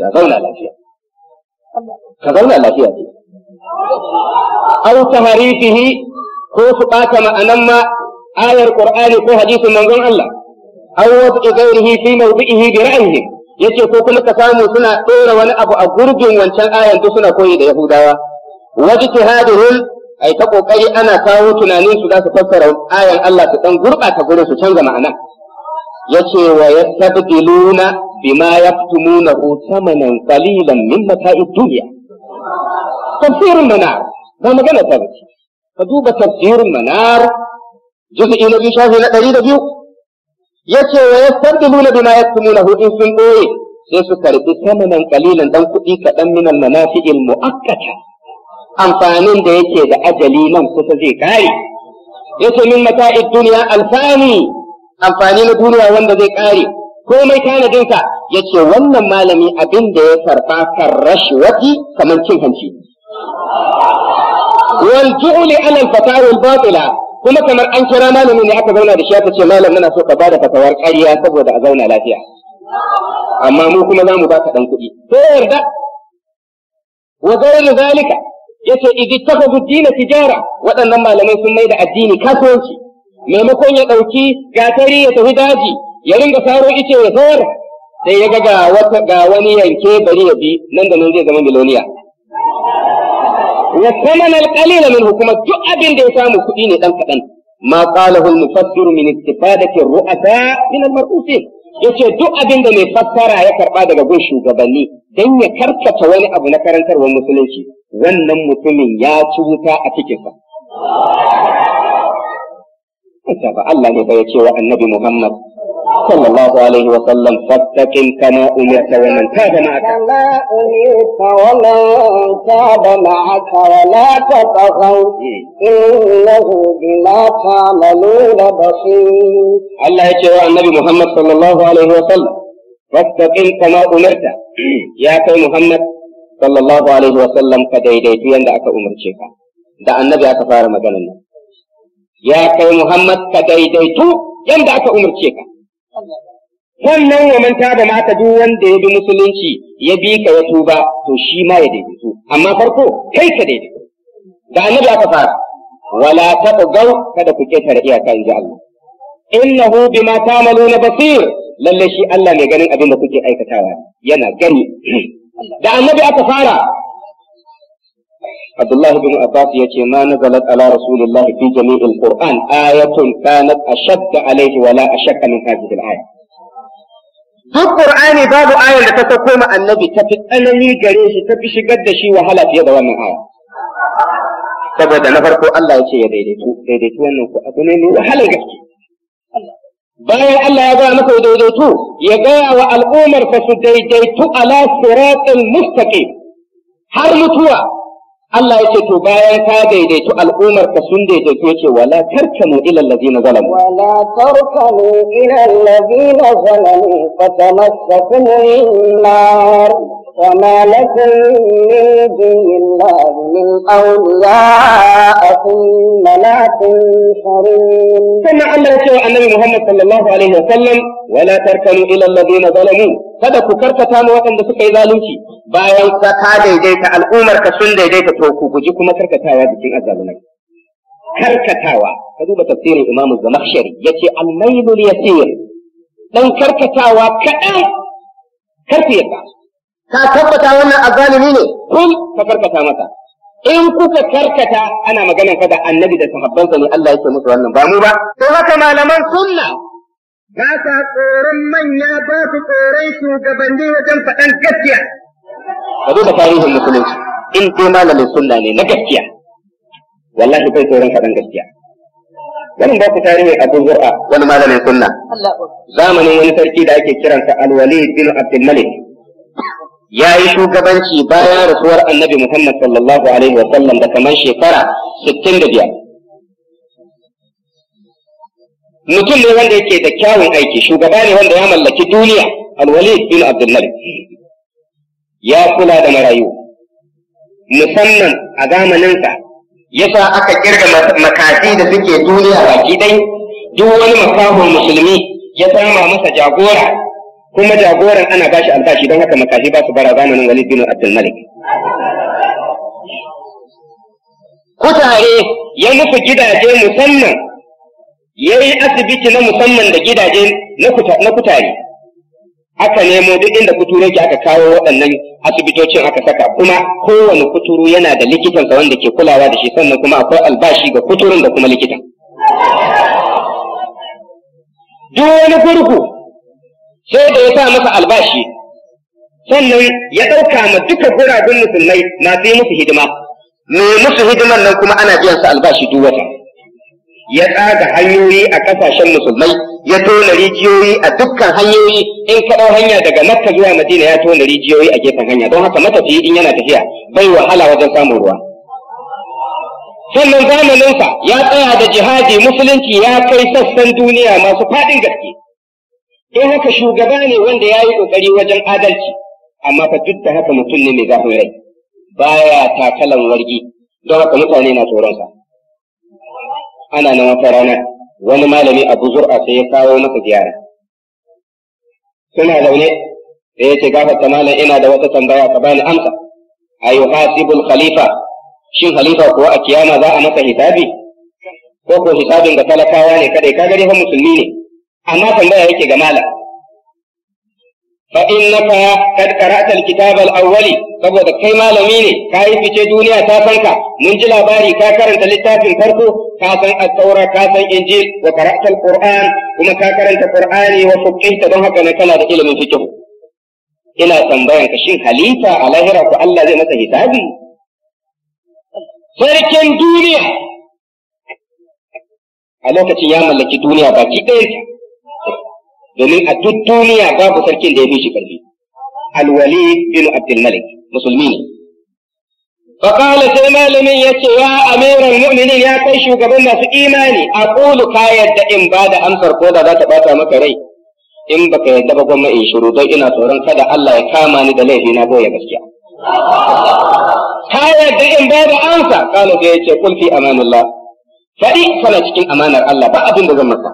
Ka zauna lafiya. Ka zauna lafiya aw taharifihi ko su ɓata ma'anan ma ayar ƙur'ani ko hadisin manzon Allah aw wad'i ghairihi fi mawdi'ihi bi ra'yihi yace ko kuma ka samu suna ɗora wani abu a gurbin wancan ayar duk suna koyi da yahudawa wajtihadihim ai ta kokari ana kawo tunanin su za su fassara ayan Allah su dan gurbata gurin su canza ma'ana yace wa yastabdiluna bima yaktumuna thamanan qalilan min mata'id dunya tafsirin manar ba magana ta bace ka duba tafsirin manar juz'i na biyu shafi na ɗari da biyu yace wa yastabdiluna bima yaktumuna in sun ɓoye sai su karɓi samanan kalilan ɗan kuɗi kaɗan minal manafi'il mu'akkata amfanin da yake da ajali nan kusa zai kare yace min mata'id dunya alfani amfani na duniya wanda zai ƙare komai tanadinsa yace wannan malami abinda ya karɓa kan rashwati kamar cin hanci wal ju'li ala al kuma kamar an kira malami ne aka zauna da shi aka ce malam nana so ka bada fatawar kariya saboda a zauna lafiya amma mu kuma za mu baka dan kuɗi Ko yarda wa ghayru zalika yace idi takhadhu dina tijara waɗannan malamai sun mai da addini kasuwanci maimakon ya ɗauki gatari ya tafi daji ya ringa saro ice ya sayar sai ya ga ga wani yanke bari ya bi nan da nan zai zama miloniya wa thamana al-qalila minhu kuma duk abin da ya samu kuɗi ne dan kaɗan. ma qalahu al-mufassiru min istifadati ar-ru'asa min al-mar'usin yace duk abin da mai fassara ya karɓa daga gun shugabanni dan ya karkata wani abu na karantarwar musulunci wannan mutumin ya ci wuta a cikinsa ba Allah ne ba ya ce wa annabi Muhammad صلى الله عليه وسلم فاستقم كما أمرت ومن تاب معك كما أمرت ومن تاب معك ولا تطغوا إنه بما تعملون بصير الله يتوى النبي محمد صلى الله عليه وسلم فاستقم كما أمرت يا كي محمد صلى الله عليه وسلم كديديتو يند أكا أمرتك da annabi aka fara maganar nan ya kai Muhammad ka daidaitu yanda aka umarce ka wannan wa manta da mata duk wanda ya bi musulunci ya bi ka ya tuba to shi ma ya daidaitu amma farko kai ka daidaitu da annabi aka fara wala taqaw kada ku tare iyaka inji Allah innahu bima ta'maluna basir lalle shi Allah mai ganin abin da kuke aikatawa yana gani da annabi aka fara Abdullahi bin Abbas ya ce ma nazalat ala rasulillahi fi jami'il Qur'an ayatun kanat ashadda alaihi wala ashakka min hadhihi al-aya. Duk Qur'ani babu ayar da ta sauko ma annabi ta fi tsanani gare shi ta fi shigar da shi wahala fiye da wannan aya. Saboda na farko Allah ya ce ya daidaitu daidaitu wannan ku abu ne mai wahalar gaske. bayan Allah ya gaya masa daidaitu ya gaya wa al'ummar fa su daidaitu ala siratin mustaqim har mutuwa الله يكي تو باية كادي الأمر كسن دي دي ولا تركنوا إلى الذين ظلموا ولا تركنوا إلى الذين ظلموا فتمسكم النار وما لكم من دون الله من أولياء ثم لا تنصرون ثم الله شو النبي محمد صلى الله عليه وسلم ولا تركنوا إلى الذين ظلموا kada ku karkata ma waɗanda suka yi zalunci bayan ka ka daidaita al'ummar ka sun daidaita to ku guji kuma karkatawa jikin azzalumai karkatawa ka duba tafsirin Imam Zamakhshari yace al-mailul yasir dan karkatawa kaɗan karfe ya ka tabbata wannan azalimi ne kun ka karkata masa in kuka karkata ana maganan fa da annabi da sahabbansa ne Allah yake musu wannan ba mu ba to haka malaman sunna ba sa tsoron manya ba su tsorai shugabanni wajen faɗan gaskiya ka duba tarihin musulunci in dai malamin sunna ne na gaskiya wallahi kai tsoron faɗan gaskiya wannan ba ku tarihi Abu Zur'a wani malamin sunna zamanin wani sarki da ake kiransa Al-Walid bin Abdul Malik ya yi shugabanci bayan rasuwar annabi Muhammad sallallahu alaihi wa sallam da kamar shekara 65 mutum ne wanda yake da kyawun aiki shugaba ne wanda ya mallaki duniya alwalid bin abdullahi ya kula da marayu musamman a zamaninsa yasa aka kirga makafi da suke duniya baki dai duk wani makahon musulmi ya sama masa jagora kuma jagoran ana bashi albashi don haka makashi ba su bara zamanin Walid bin Abdul Malik kutare ya nufi gidaje musamman ya yi asibiti na musamman da gidaje na kutare aka nemo duk inda kuturo ke aka kawo waɗannan asibitocin aka saka kuma kowane kuturu yana da likitansa wanda ke kulawa da shi sannan kuma akwai albashi ga kuturun da kuma likitan duk wani gurgu sai da ya sa masa albashi sannan ya ɗauka ma duka guragun musulmai na yi musu hidima Me musu hidiman nan kuma ana biyan su albashi duk wata ya tsaga hanyoyi a ƙasashen musulmai ya tona rijiyoyi a dukkan hanyoyi in kaɗau hanya daga makka zuwa madina ya tona rijiyoyi a gefen hanya don haka matafiyi in yana tafiya bai wahala wajen samun ruwa sannan zamaninsa ya tsaya da jihadi musulunci ya kai sassan duniya masu faɗin gaske don haka shugaba ne wanda ya yi ƙoƙari wajen adalci amma fa duk da haka mutum ne mai zafin rai baya takalan wargi don haka mutane na tsoronsa ana nan wata rana wani malami abu zur'a sai ya kawo masa ziyara suna zaune da ya ce gafarta malam ina da wata tambaya ka bani amsa a yuhasibul khalifa shin khalifa kuwa a kiyama za a masa hisabi ko ko hisabin ga talakawa ne kadai ka gari fa musulmi ne amma tambaya yake ga malam fa innaka kad qara'ta al-kitab al-awwali saboda kai malami ne ka yi fice duniya ta san ka mun ji labari ka karanta littafin farko ka san at-taura ka san injil wa qara'ta al-qur'an kuma ka karanta qur'ani wa fuqihta don haka ne kana da ilimin fiqh ina tambayan ka shin halifa a lahira ko Allah zai masa hisabi sarkin duniya a lokacin ya mallaki duniya baki ɗayanta domin a duk duniya babu sarkin da ya fi shi karfi alwalid bin abdul musulmi ne فقال sai malamin yace ya amiral mu'minin ya kai shugaban masu imani a kulu ka yadda in ba da amsar ko da za ta bata maka rai in baka yadda ba gwamma in shiru don ina tsoron kada Allah ya kama ni da laifi na goya gaskiya ka yadda in ba da amsa kana da yace kul fi amanillah fadi kana cikin amanar Allah ba abinda zan maka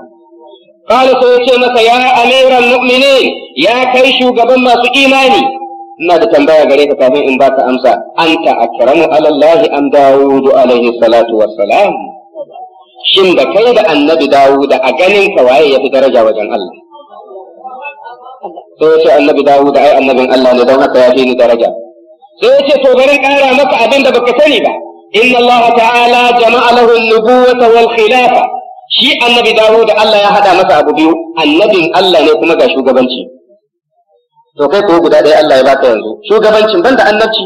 قال سيتي مسا يا أمير المؤمنين يا كي شوغبان ما في إيماني ina da tambaya gare ka kafin in baka amsa anta akramu ala Allah an Dawud alaihi salatu wassalam shin da kai da annabi Dawud a ganin ka waye yafi daraja wajen Allah sai yace annabi Dawud ai annabin Allah ne don haka ya fi ni daraja sai yace to bari kara maka abin da baka sani ba inna Allah ta'ala jama'a lahu an-nubuwata wal khilafa shi annabi dawo da Allah ya haɗa masa abu biyu annabin Allah ne kuma ga shugabanci to kai ko guda ɗaya Allah ya baka yanzu shugabancin banda annabci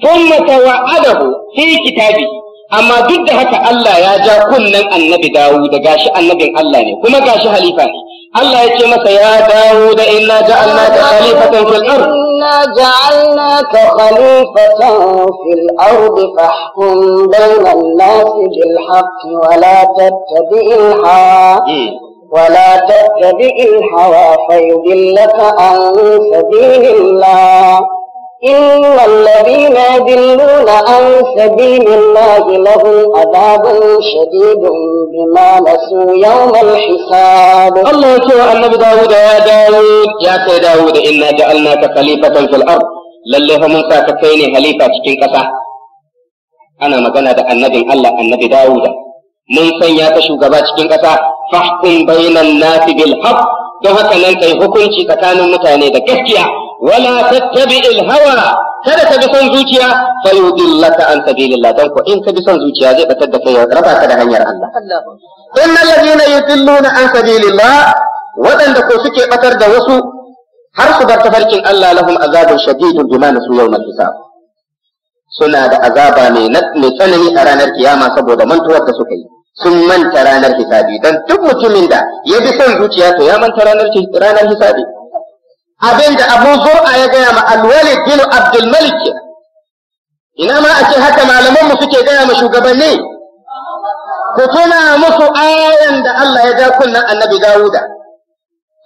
thumma tawa'adahu fi kitabi amma duk da haka Allah ya ja kunnen annabi dawo da gashi annabin Allah ne kuma gashi halifa ne الله يجي يا داود إنا جعلناك خليفة في الأرض إنا جعلناك خليفة في الأرض فاحكم بين الناس بالحق ولا تتبع ولا تتبع الهوى فيضلك عن سبيل الله إن الذين يدلون عن سبيل الله لهم عذاب شديد بما نسوا يوم الحساب الله يسوع النبي داوود يا داوود يا سيد داوود إنا جعلناك خليفة في الأرض للي هم كيني خليفة تشكين قصة أنا ما قلنا ده النبي الله النبي داود ممكن يا تشو قبا تشكين قصة فاحكم بين الناس بالحق ده هكذا ننتهي حكم تشكتان متاني ده كيف wala tattabi'il hawa kada ka bi son zuciya fa yudillaka an sabilillah dan ko in ka bi son zuciya zai batar da kai ya raba ka da hanyar Allah innal ladina yudilluna an sabilillah waɗanda ko suke batar da wasu har su bar tafarkin Allah lahum azabun shadidun bima nasu yawmal hisab suna da azaba mai tsanani a ranar kiyama saboda mantuwar da suka yi sun manta ranar hisabi dan duk mutumin da ya bi son zuciya to ya manta ranar hisabi abin da abun bur'a ya gaya ma alwalid bin abdul malik ina ma a ce haka mu suke gaya ma shugabanni ku tuna musu ayan da Allah ya ja kunnan annabi dawuda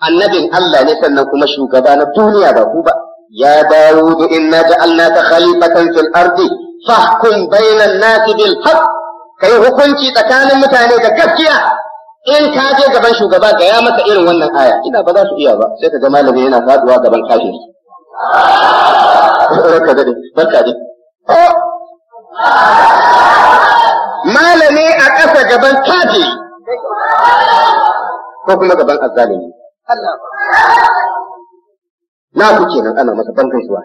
annabin Allah ne sannan kuma shugaba na duniya ba ku ba ya dawudu inna ja'alnaka khalifatan fil ardi fahkum bainan nasi bil haqq kai hukunci tsakanin mutane da gaskiya in ka je gaban shugaba ga ya maka irin wannan aya ina ba za su iya ba sai ka ga malami yana faduwa gaban kafiri barka malami a ƙasa gaban kaji. ko kuma gaban azzalimi na ku kenan ana masa bankan suwa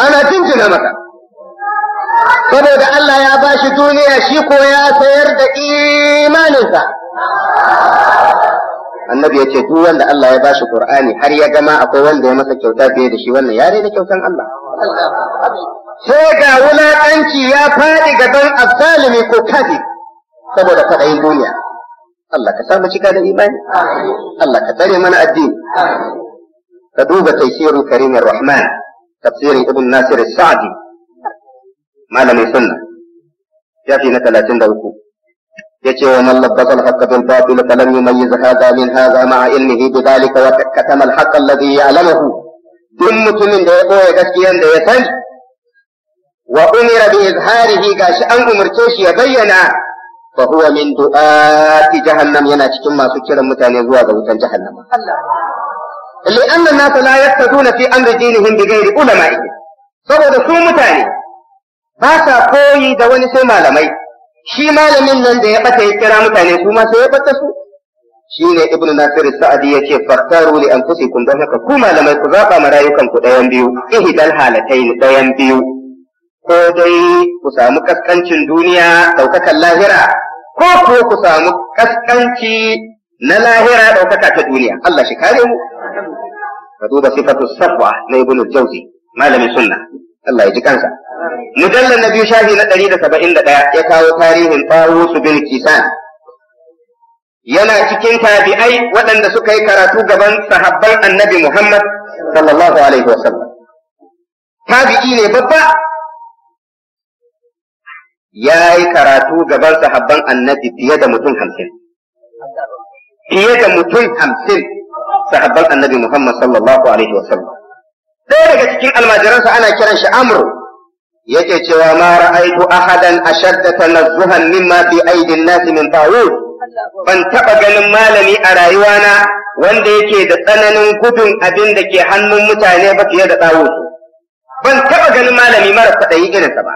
ana jinjina maka saboda Allah ya ba shi duniya shi ko ya sayar da imaninsa annabi ya ce duk wanda Allah ya ba shi har ya gama akwai wanda ya masa kyauta fiye da shi wannan ya da kyautan Allah sai ga wulaƙanci ya faɗi ga don azzalimi ko kafi saboda faɗayin duniya Allah ka samu cika da imani Allah ka tsare mana addini ka duba tafsirin karimin rahman tafsirin ibn nasir sa'di malamin sunna ya fi na talatin da uku ya ce wa man labbasa al-haqqa bil batil fa lam yumayyiz hadha min hadha ma'a ilmihi bi dhalika wa katama al-haqqa alladhi ya'lamuhu duk mutumin da ya boye gaskiyan da ya sani wa umira bi izharihi gashi an umurce shi ya bayyana fa huwa min du'ati jahannam yana cikin masu kiran mutane zuwa ga wutan jahannam Allah li anna an-nas la yahtaduna fi amri dinihim bi ghairi ulama'i saboda su mutane ba sa koyi da wani sai malamai shi malamin nan da ya bata ya kira mutane su ma sai ya bata su shine ibnu nasir sa'adi yace fartaru li anfusikum dan haka ku malamai ku zaba marayukan ku dayan biyu ihdal halatayn dayan biyu ko dai ku samu kaskancin duniya daukakan lahira ko ko ku samu kaskanci na lahira daukaka ta duniya Allah shi kare mu ka duba sifatu safwa na ibnu jawzi malamin sunna Allah ya ji kansa mujallar na biyu shafi na ɗari da saba'in da ɗaya ya kawo tarihin su bin kisan yana cikin tabi'ai waɗanda suka yi karatu gaban sahabban annabi muhammad sallallahu alaihi wasallam tabi'i ne babba ya yi karatu gaban sahabban annabi fiye da mutum hamsin fiye da mutum hamsin sahabban annabi muhammad sallallahu alaihi wasallam ɗaya daga cikin almajiransa ana kiran shi amru yake cewa ma ra'aitu ahadan ashadda tanazzuhan mimma fi aidin nasi min tawud ban taba ganin malami a rayuwana wanda yake da tsananin gudun abin da ke hannun mutane ba fiye da tawud ban taba ganin malami mara kwadayi irin sa ba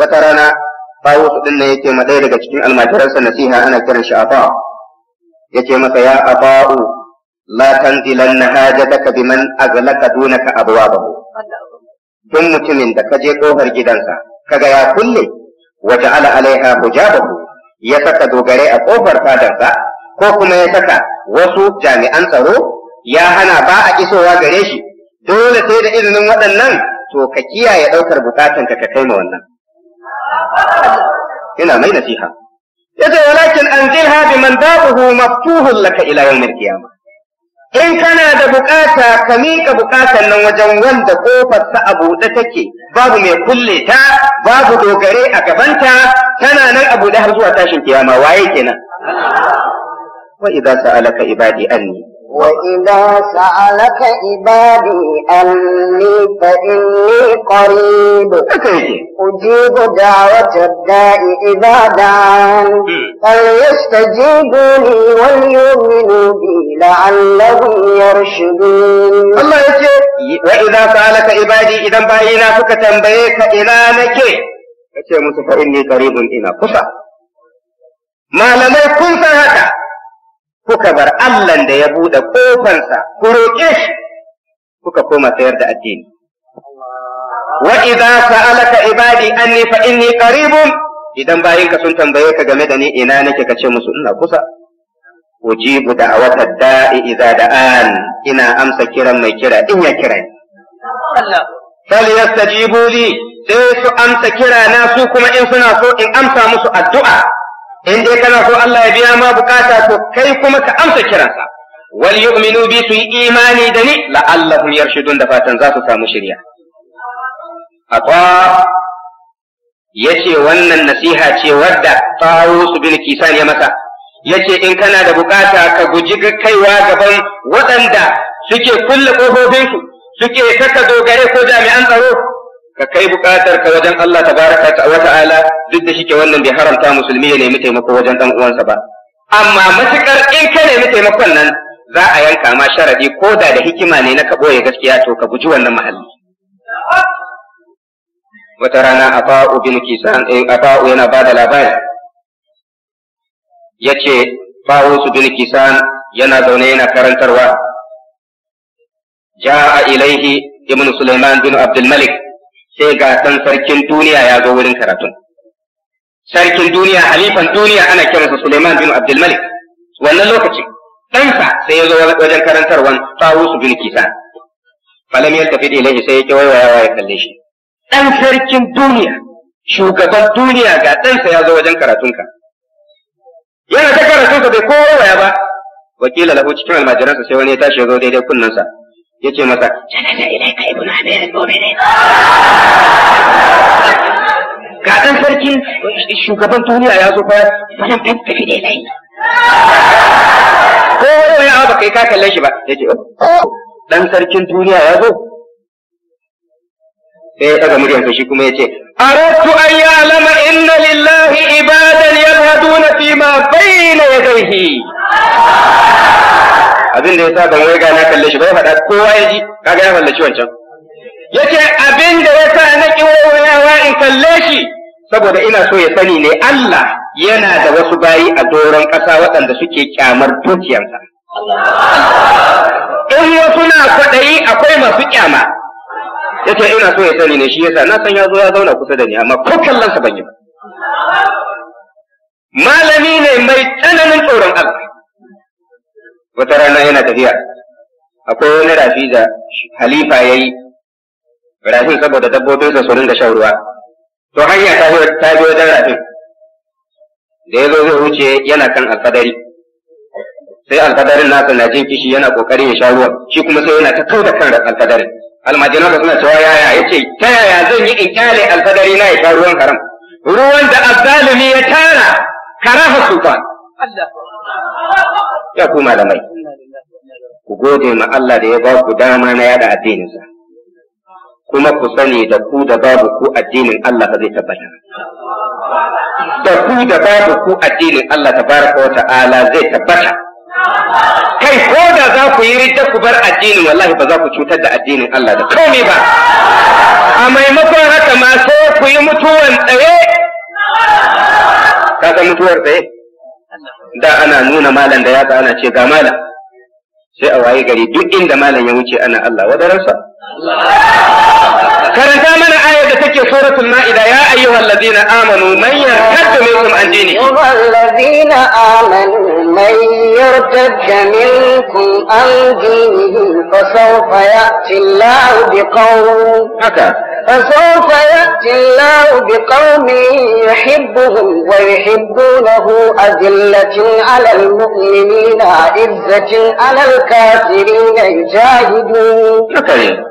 wata rana tawud din nan yake ma ɗaya daga cikin almajiransa nasiha ana kiran shi afa yace masa ya afa'u la tanzilanna hajataka biman aghlaqa dunaka abwabahu Tun mutumin da ka je kofar gidansa kaga ya kulle waje ala alaiha hujabahu ya saka dogare a kofar fadarsa ko kuma ya saka wasu jami'an tsaro ya hana ba a isowa gare shi dole sai da izinin waɗannan to ka kiyaye ɗaukar bukatanka ka kai ma wannan ina mai nasiha yace walakin anzilha biman babuhu maftuhun laka ila yawmil qiyamah in kana da bukata ka miƙa bukatan nan wajen wanda ƙofarsa a buɗe take babu mai kulle ta babu dogare a gabanta tana nan a buɗe har zuwa tashin kiyama waye kenan wa idza sa'alaka ibadi anni وإذا سألك عبادي أني فإني قريب أجيب دعوة الداء إذا دعان فليستجيبوا لي وليؤمنوا بي لعلهم يرشدون الله يجيب وإذا سألك عبادي إذا باينا فك تنبيك إلى نكي kace musu fa inni qaribun ina kusa malamai kun san haka kuka bar Allahn da ya buɗe ƙofarsa ku roƙe shi kuka koma sayar da addini wa idza sa'alaka ibadi anni fa inni qaribun idan bayinka sun tambaye ka game da ni ina nake ka ce musu ina kusa ujibu wata da'i idza da'an ina amsa kiran mai kira in ya kira Allah yasta li sai su amsa kira na su kuma in suna so in amsa musu addu'a in dai kana so Allah ya biya ma bukata to kai kuma ka amsa kiransa wal yu'minu bi su imani da ni la'allahum yarshudun da fatan za su samu shirya aqwa yace wannan nasiha ce wadda tawo su bil kisan ya masa yace in kana da bukata ka guji kaiwa gaban waɗanda suke kulle kofofinsu suke saka dogare ko jami'an tsaro ka kai bukatar ka wajen Allah ta ta wa ta'ala duk da shike wannan bai haramta musulmi ya nemi taimako wajen ɗan uwansa ba amma matukar in ka nemi taimakon nan za a yanka ma sharaɗi, ko da da hikima ne na ka boye gaskiya to ka guji wannan mahalli wata rana aba'u bin kisan eh, aba'u yana bada labari yace bawo su bin kisan yana zaune yana karantarwa ja'a ilaihi ibn sulaiman bin Abdulmalik. sai ga ɗan sarkin duniya ya zo wurin karatun sarkin duniya halifan duniya ana kiransa Suleiman bin Abdulmalik wannan lokaci ɗansa sai ya zo wajen karantarwan Tawusu bin Kisan falam yaltafi ilayhi sai ya ki waiwayawa ya kalle shi ɗan sarkin duniya shugaban duniya ga ɗansa ya zo wajen karatunka yana ta karatunka bai kowa ba wakila lahu cikin almajiransa sai wani ya tashi ya zo daidai kunnensa yace masa sanata ilai ka ibnu amir al-mu'minin ga ɗan sarki eh, shugaban duniya ya zo fa falan fa tafi da ilai ko wani ya ba kai ka kalle shi ba yace Ɗan oh, sarkin duniya ya zo sai ya daga muryarsa shi kuma yace aradtu an ya'lama inna lillahi ibadan yadhaduna fi ma bayna yadayhi abin da ya sa ban riga na kalle shi ba faɗa kowa ya ji kaga ya kalle shi wancan yace abin da ya sa na ki in kalle shi saboda ina so ya sani ne Allah yana da wasu bayi a doron ƙasa waɗanda suke kyamar dukiyansa in wasu na kwaɗayi akwai masu kyama yace ina so ya sani ne shi yasa na san ya zo ya zauna kusa da ni amma ko kallon sa ban yi ba malami ne mai tsananin tsoron Allah wata rana yana tafiya akwai wani rafi da halifa ya yi rafin saboda dabbobinsa su ringa shan ruwa to hanya ta biyo wajen rafin da ya zo zai wuce yana kan alfadari sai alfadarin nasa na jin kishi yana kokarin ya sha ruwa shi kuma sai yana ta kau da kan alfadarin almajinan suna cewa yaya ya ce ta yaya zan yi in kyale alfadari na ya sha ruwan haram ruwan da azzalumi ya tara karafa Allah ya ku malamai ku gode ma Allah da ya ba ku dama na yada addininsa kuma ku sani da ku da babu ku addinin Allah ba zai tabbata da ku da babu ku addinin Allah tabaraka wa ta'ala zai tabbata kai ko da za ku yi ridda ku bar addinin wallahi ba za ku cutar da addinin Allah da komai ba a maimakon haka ma sai ku yi mutuwan tsaye ka san mutuwar tsaye da ana nuna malam da yatsa ana ce ga malam sai a waye gari duk inda malam ya wuce ana Allah wadararsa karanta mana ayar da take suratul ma'ida ya ayyuhal ladina amanu man yartadda minkum an dini ayyuhal amanu man yartadda minkum an dinihi fa sawfa ya'ti Allah biqawm haka فسوف يأتي الله بقوم يحبهم ويحبونه أذلة على المؤمنين عزة على الكافرين يجاهدون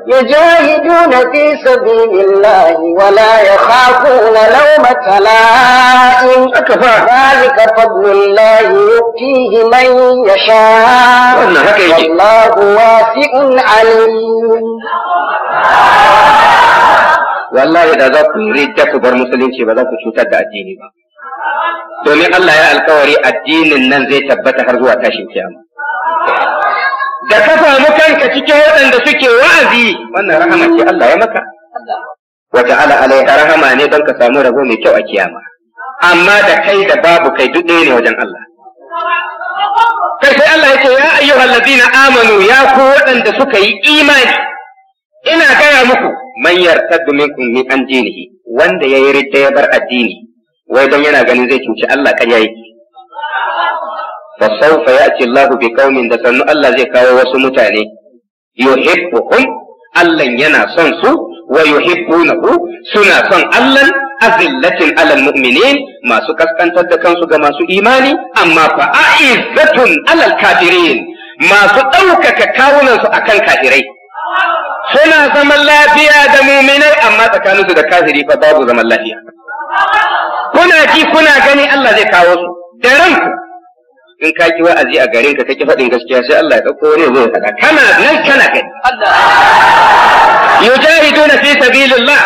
يجاهدون في سبيل الله ولا يخافون لومة لائم ذلك فضل الله يؤتيه من يشاء والله واسع عليم wallahi da za ku yi ku bar musulunci ba za ku cutar da addini ba domin Allah ya alkawari addinin nan zai tabbata har zuwa tashin kiyama da ka samu kanka cikin waɗanda suke wa'azi wannan rahama ce Allah ya maka wata ala alaiha rahama ne don ka samu rabo mai kyau a kiyama amma da kai da babu kai duk ɗaya ne wajen Allah kai sai Allah ya ce ya ayyuhal ladina amanu ya ku waɗanda suka yi imani ina gaya muku man yartaddu minkum min an dinihi wanda yayi ridda ya bar addini wai don yana ganin zai cuci Allah kan yayi fa sawfa ya'ti Allah bi qaumin da sannu Allah zai kawo wasu mutane yuhibbuhum Allah yana son su wa yuhibbunahu suna son Allah azillatin alal mu'minin masu kaskantar da kansu ga masu imani amma fa a'izzatun alal kafirin masu ɗaukaka kawunansu akan kafirai suna zaman lafiya da muminai amma tsakaninsu da kafiri fa babu zaman lafiya kuna ji kuna gani Allah zai kawo su da ranku in ka ki wa'azi a garin ka kake faɗin gaskiya sai Allah ya ɗauko wani zai faɗa kana nan kana gani yujahiduna fi sabilillah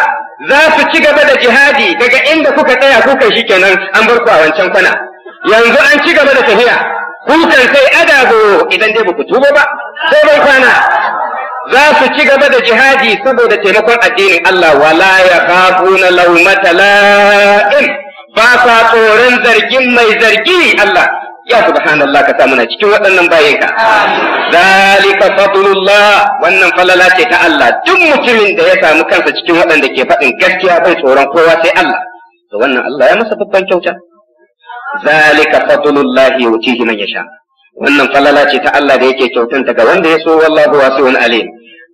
za su ci gaba da jihadi daga inda kuka tsaya kuka shikenan an bar ku a wancan kwana yanzu an ci gaba da tafiya kukan sai adago idan dai ba ku tuba ba sai bai kwana za su ci gaba da jihadi saboda taimakon addinin Allah wala ya khafuna laumata la'in, ba sa tsoron zargin mai zargi Allah ya subhanallah ka samu na cikin waɗannan bayanka zalika fadlullah wannan falala ce ta Allah duk mutumin da ya samu kansa cikin waɗanda ke faɗin gaskiya bai tsoron kowa sai Allah to wannan Allah ya masa babban kyauta zalika fadlullah yutihi man yasha wannan falala ce ta Allah da yake kyautanta ga wanda ya so wallahu wasi'un alim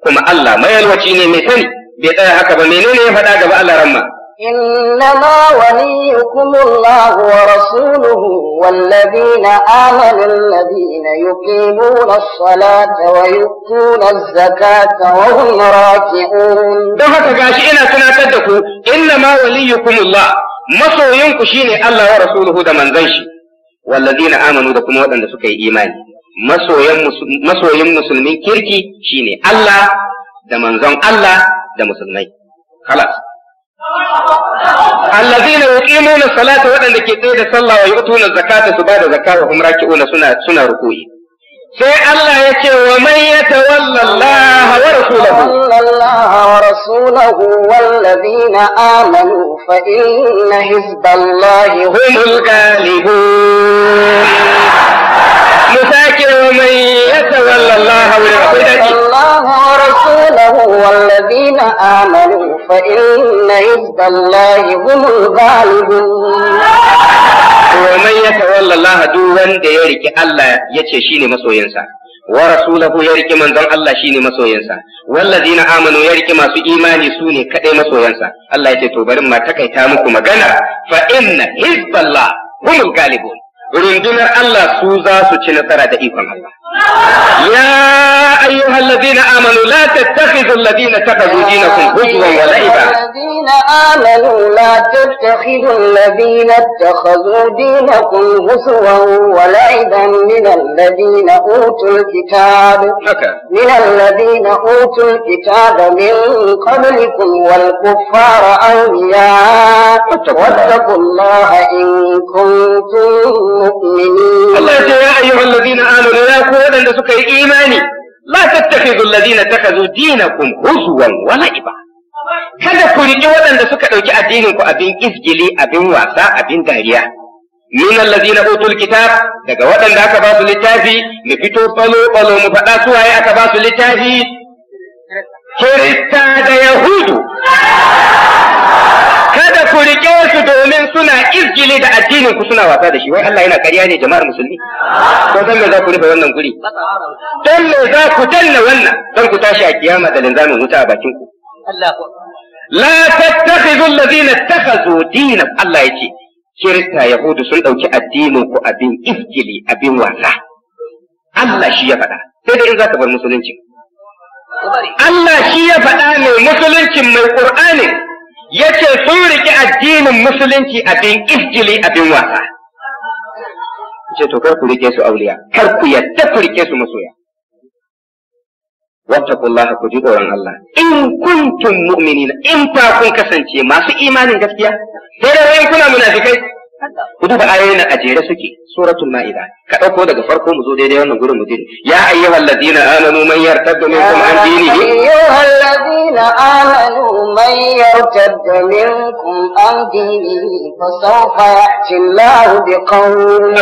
kuma Allah mayalwaci ne mai sani bai tsaya haka ba menene ya faɗa gaba Allah ramma إنما وليكم الله ورسوله والذين آمنوا الذين يقيمون الصلاة ويؤتون الزكاة وهم راكعون ده haka gashi ina tunatar da ku innama waliyukum Allah masoyinku shine Allah wa rasuluhu da manzon shi والذين آمنوا da kuma waɗanda suka yi imani masoyin musulmin kirki shine Allah da manzon Allah da musulmai khalas allazina yuqimuna salata waɗanda ke tsaye da sallah wa yu'tuna zakata su bada zakata hum raki'una suna suna ruku'i sai Allah ya ce wa man yatawalla Allah wa rasulahu Allah wa rasulahu wallazina amanu fa inna hizballahi humul ghalibun ومن يتولى الله الله ورسوله والذين آمنوا فإن حزب الله هم الغالبون ومن يتولى الله دوان da ya riki Allah yace shine masoyinsa wa rasulahu ya riki manzon Allah shine masoyansa wallazina amanu ya riki masu imani su ne kadai masoyansa Allah yace to bari ma takaita muku magana fa inna rundunar Allah su za su ci nasara da ikon Allah يا أيها الذين آمنوا لا تتخذوا الذين اتخذوا دينكم هزوا ولعبا الذين آمنوا لا تتخذوا الذين اتخذوا دينكم هزوا ولعبا من الذين أوتوا الكتاب من الذين أوتوا الكتاب من قبلكم والكفار أولياء واتقوا الله إن كنتم مؤمنين الله يا أيها الذين آمنوا لا waɗanda suka yi imani la tattakhidhu alladhina takhazu dinakum huzwan wa la'iba kada ku riƙi waɗanda suka ɗauki addinin ku abin izgili abin wasa abin dariya min alladhina utul kitab daga waɗanda aka ba su littafi mu fito falo falo mu faɗa su waye aka ba su littafi kirista da yahudu kada ku rike su domin suna izgili da addinin ku suna wasa da shi wai Allah yana ƙarya ne jama'ar musulmi ko san me za ku rufe wannan guri dan me za ku danna wannan dan ku tashi a kiyama da linzamin wuta a bakin ku Allahu la tattakhidhu alladhina ittakhadhu dinan Allah yace Kirista Yahudu sun ɗauki addinin ku abin izgili abin wasa Allah shi ya faɗa sai dai in za ka bar musulunci Allah shi ya faɗa ne musuluncin mai Qur'ani yace sun riƙe addinin musulunci abin izgili abin wasa ce to kar ku rike su auliya kar ku yadda ku rike su masoya wattaqullaha ku ji tsoron Allah in kuntum mu'minina in fa kun kasance masu imanin gaskiya sai wai kuna munafikai Kudu da ayoyin a jere suke suratul ma'ida ka dauko daga farko mu zo daidai wannan gurin mutum ya ayyuhal ladina amanu man yartadda minkum an dinihi ya ayyuhal ladina amanu man yartadda minkum an dinihi fa sawfa ya'ti Allah bi qawmin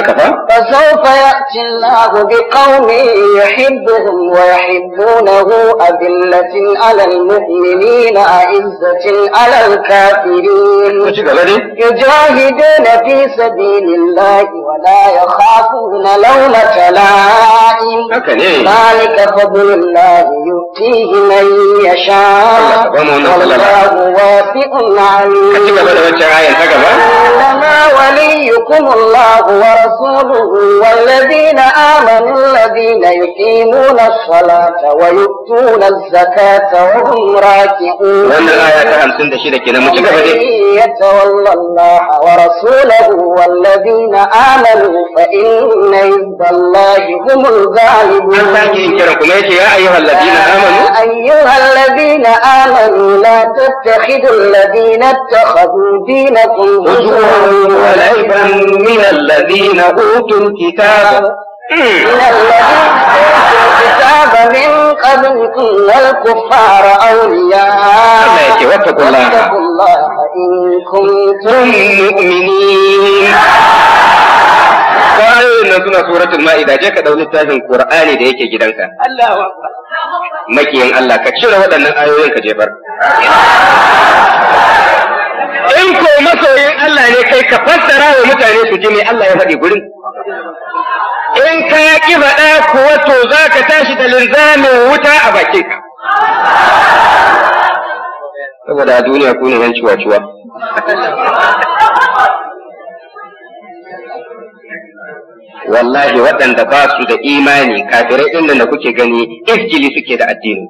fa sawfa ya'ti Allah bi qawmin yuhibbuhum wa yuhibbunahu adillatin 'alal mu'minina 'izzatin 'alal kafirin kujalani yujahiduna fi في سبيل الله ولا يخافون لومة لائم ذلك فضل الله يؤتيه من يشاء والله واسع عليم إنما وليكم الله ورسوله والذين آمنوا الذين يقيمون الصلاة ويؤتون الزكاة وهم راكعون يتولى الله ورسوله هادوا والذين آمنوا فإن عند الله هم الغالبون يا أيها الذين آمنوا أيها الذين آمنوا لا تتخذوا الذين اتخذوا دينكم هزوا ولعبا من الذين أوتوا الكتاب من الذين أوتوا الكتاب من قبلكم والكفار أولياء واتقوا الله إن كنتم مؤمنين Kwayoyin nan suna suratul ma'ida je ka ɗau littafin Qur'ani da yake gidanka. Allahu Akbar. Makiyin Allah ka cire waɗannan ayoyin ka jefar. In ko masoyin Allah ne kai ka fassara wa mutane su ji me Allah ya faɗi gurin. In ka ki faɗa kuwa to za ka tashi da linzamin wuta a bakinka. saboda a duniya ku ne yan ciwa-ciwa wallahi waɗanda ba su da imani kafirai ɗin da kuke gani ifjili suke da addini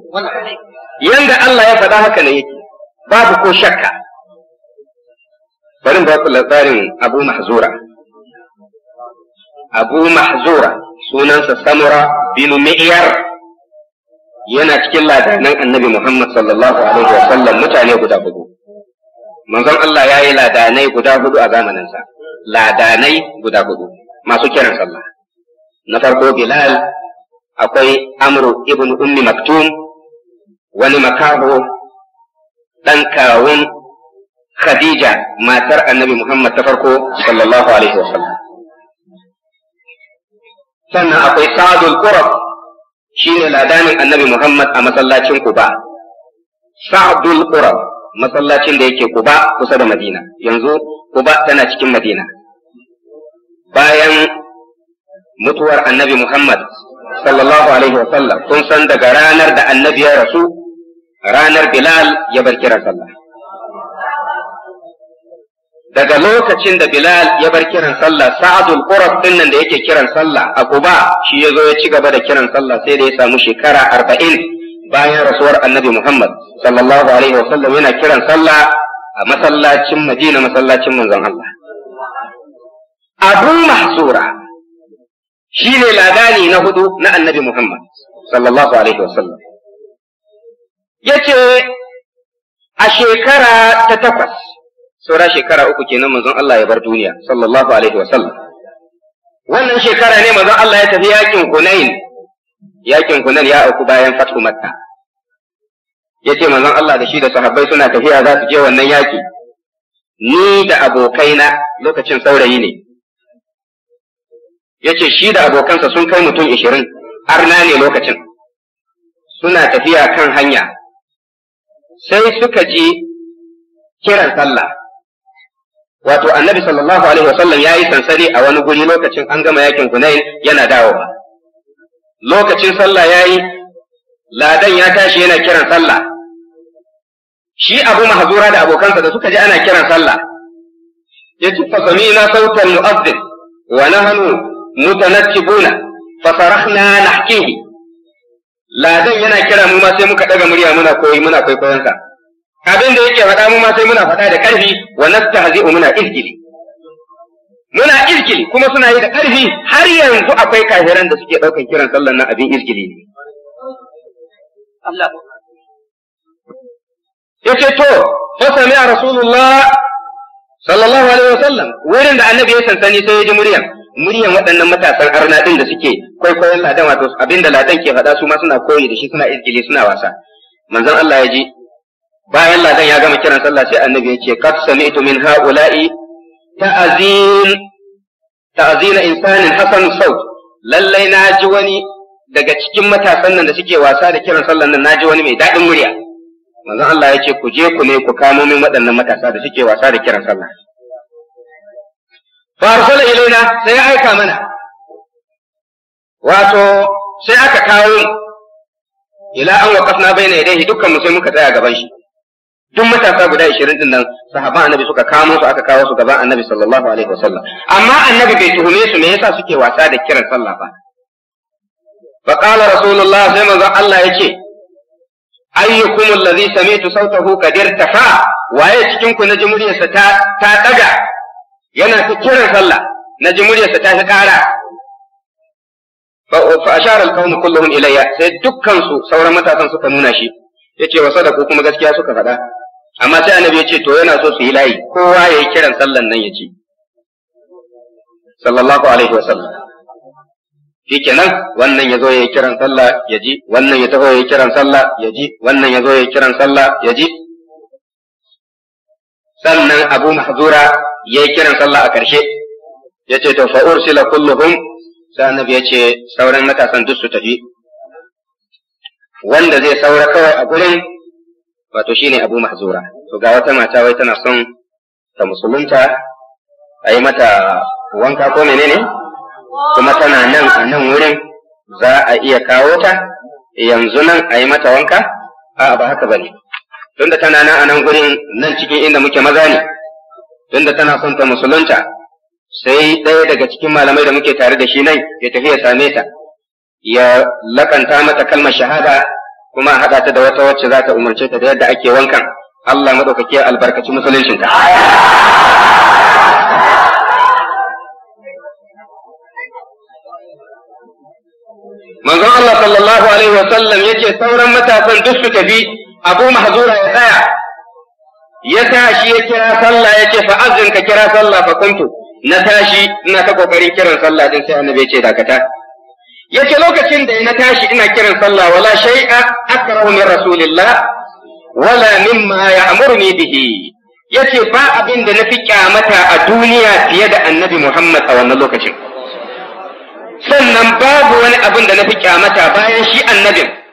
yanda Allah ya faɗa haka ne yake babu ko shakka bari ba ku labarin Abu Mahzura Abu Mahzura sunansa Samura bin Mi'yar yana cikin ladanan annabi Muhammad sallallahu alaihi wa sallam mutane guda hudu manzon Allah yayi ladanai guda hudu a zamanin sa ladanai guda hudu masu kiran sallah na farko Bilal akwai Amr ibn Ummi Maktum wani makaho dan kawun Khadija matar annabi Muhammad ta farko sallallahu alaihi wa sallam sannan akwai Sa'd al Qurab shine ladanin annabi Muhammad a masallacin Quba Sa'dul Qura masallacin da yake Quba kusa da Madina yanzu Quba tana cikin Madina bayan mutuwar annabi Muhammad sallallahu alaihi wa kun san daga ranar da annabi ya rasu ranar Bilal ya bar kiran sallah daga lokacin da Bilal ya bar kiran sallah sa'adul Qurab din nan da yake kiran sallah a Quba shi yazo ya ci gaba da kiran sallah sai da ya samu shekara 40 bayan rasuwar Annabi Muhammad sallallahu alaihi wasallam yana kiran sallah a masallacin Madina masallacin manzon Allah Abu Mahsura shine ladani na hudu na Annabi Muhammad sallallahu alaihi wasallam yace a shekara ta takwas saura shekara uku kenan manzon Allah ya bar duniya sallallahu alaihi wa sallam wannan shekara ne manzon Allah ya tafi yakin Hunain yakin Hunain ya auku bayan fathu Makka yace manzon Allah da shi da sahabbai suna tafiya za su je wannan yaki ni da abokaina lokacin saurayi ne yace shi da abokansa sun kai mutum ishirin na ne lokacin suna tafiya kan hanya sai suka ji kiran sallah wato annabi sallallahu alaihi wasallam ya yi sansani a wani guri lokacin an gama yakin hunain yana dawowa lokacin sallah ya yi ladan ya tashi yana kiran sallah shi abu mahazura da abokansa da suka ji ana kiran sallah ya ci fasamina sautan mu'azzin wa nahnu mutanakkibuna fasarahna nahkihi ladan yana kira mu ma sai muka daga murya muna koyi muna kwaikwayonsa abin da yake faɗa mu ma sai muna faɗa da ƙarfi wa nastahzi'u muna izgili muna izgili kuma suna yi da ƙarfi har yanzu akwai kafiran da suke ɗaukan kiran sallan nan abin izgili ne Allah yace to fa sami rasulullah sallallahu alaihi wasallam wurin da annabi ya sansani sai ya ji muryan muryan waɗannan matasan arna din da suke kwaikwayon ladan wato abinda ladan ke faɗa su ma suna koyi da shi suna izgili suna wasa manzon Allah ya ji bayan ladan ya gama kiran sallah sai annabi ya ce qad sami'tu min ha'ula'i ta'zin ta'zin insanin hasan saut lallai na ji wani daga cikin matasan nan da suke wasa da kiran sallan nan na ji wani mai daɗin murya manzon Allah ya ce ku je ku ne ku kamo min waɗannan matasa da suke wasa da kiran sallah fa ilaina sai ya aika mana wato sai aka kawo ila an waqafna bayna yadayhi dukkan mu sai muka tsaya gaban shi duk matasa guda 20 din nan sahaban annabi suka kamo su aka kawo su gaban annabi sallallahu alaihi wasallam amma annabi bai tuhume su me yasa suke wasa da kiran sallah ba fa qala rasulullah sai manzon Allah yake ayyukum alladhi sami'tu sautahu qad irtafa waye cikin ku naji muryarsa ta ta daga yana ta kiran sallah naji muryarsa ta ta kara fa ashara al-qawm kulluhum ilayya sai dukkan su sauran matasan suka nuna shi yace wa sadaku kuma gaskiya suka faɗa amma sai annabi ya ce to yana so su yi layi kowa ya yi kiran sallan nan ya ce sallallahu alaihi wasallam shi kenan wannan ya zo ya yi kiran sallah ya ji wannan ya taho ya yi kiran sallah ya ji wannan ya zo ya yi kiran sallah ya ji sannan abu mahzura ya yi kiran sallah a ƙarshe ya ce to fa'ur sila kulluhum sai annabi ya ce sauran matasan duk su tafi wanda zai saura kawai a gurin wato ne abu mahzura to ga wata mata wai tana son ta musulunta a yi mata wanka ko menene kuma tana nan a nan wurin za a iya kawo ta yanzu nan a yi mata wanka a ba haka ba bane tunda tana nan a nan gurin nan cikin inda muke maza ne tunda tana son ta musulunta sai ɗaya daga cikin malamai da muke tare da shi nan ya tafi ya same ta ya lakanta mata kalmar shahada kuma a haɗa ta da wata wacce za ta umarce ta da yadda ake wankan Allah maɗaukaki albarkaci musuluncin ka. Manzon Allah sallallahu alaihi wasallam ya ce sauran matasan duk su tafi Abu Mahzura ya tsaya. Ya tashi ya kira sallah ya ce fa'azin ka kira sallah fa kuntu na tashi ina ta kokarin kiran sallah din sai annabi ya ce dakata. yace lokacin da na tashi ina kiran sallah wala shay'a akrahu min rasulillah wala mimma ya'muruni bihi yace ba abin da nafi kyamata a duniya fiye da annabi Muhammad a wannan lokacin sannan babu wani abin da nafi kyamata bayan shi annabin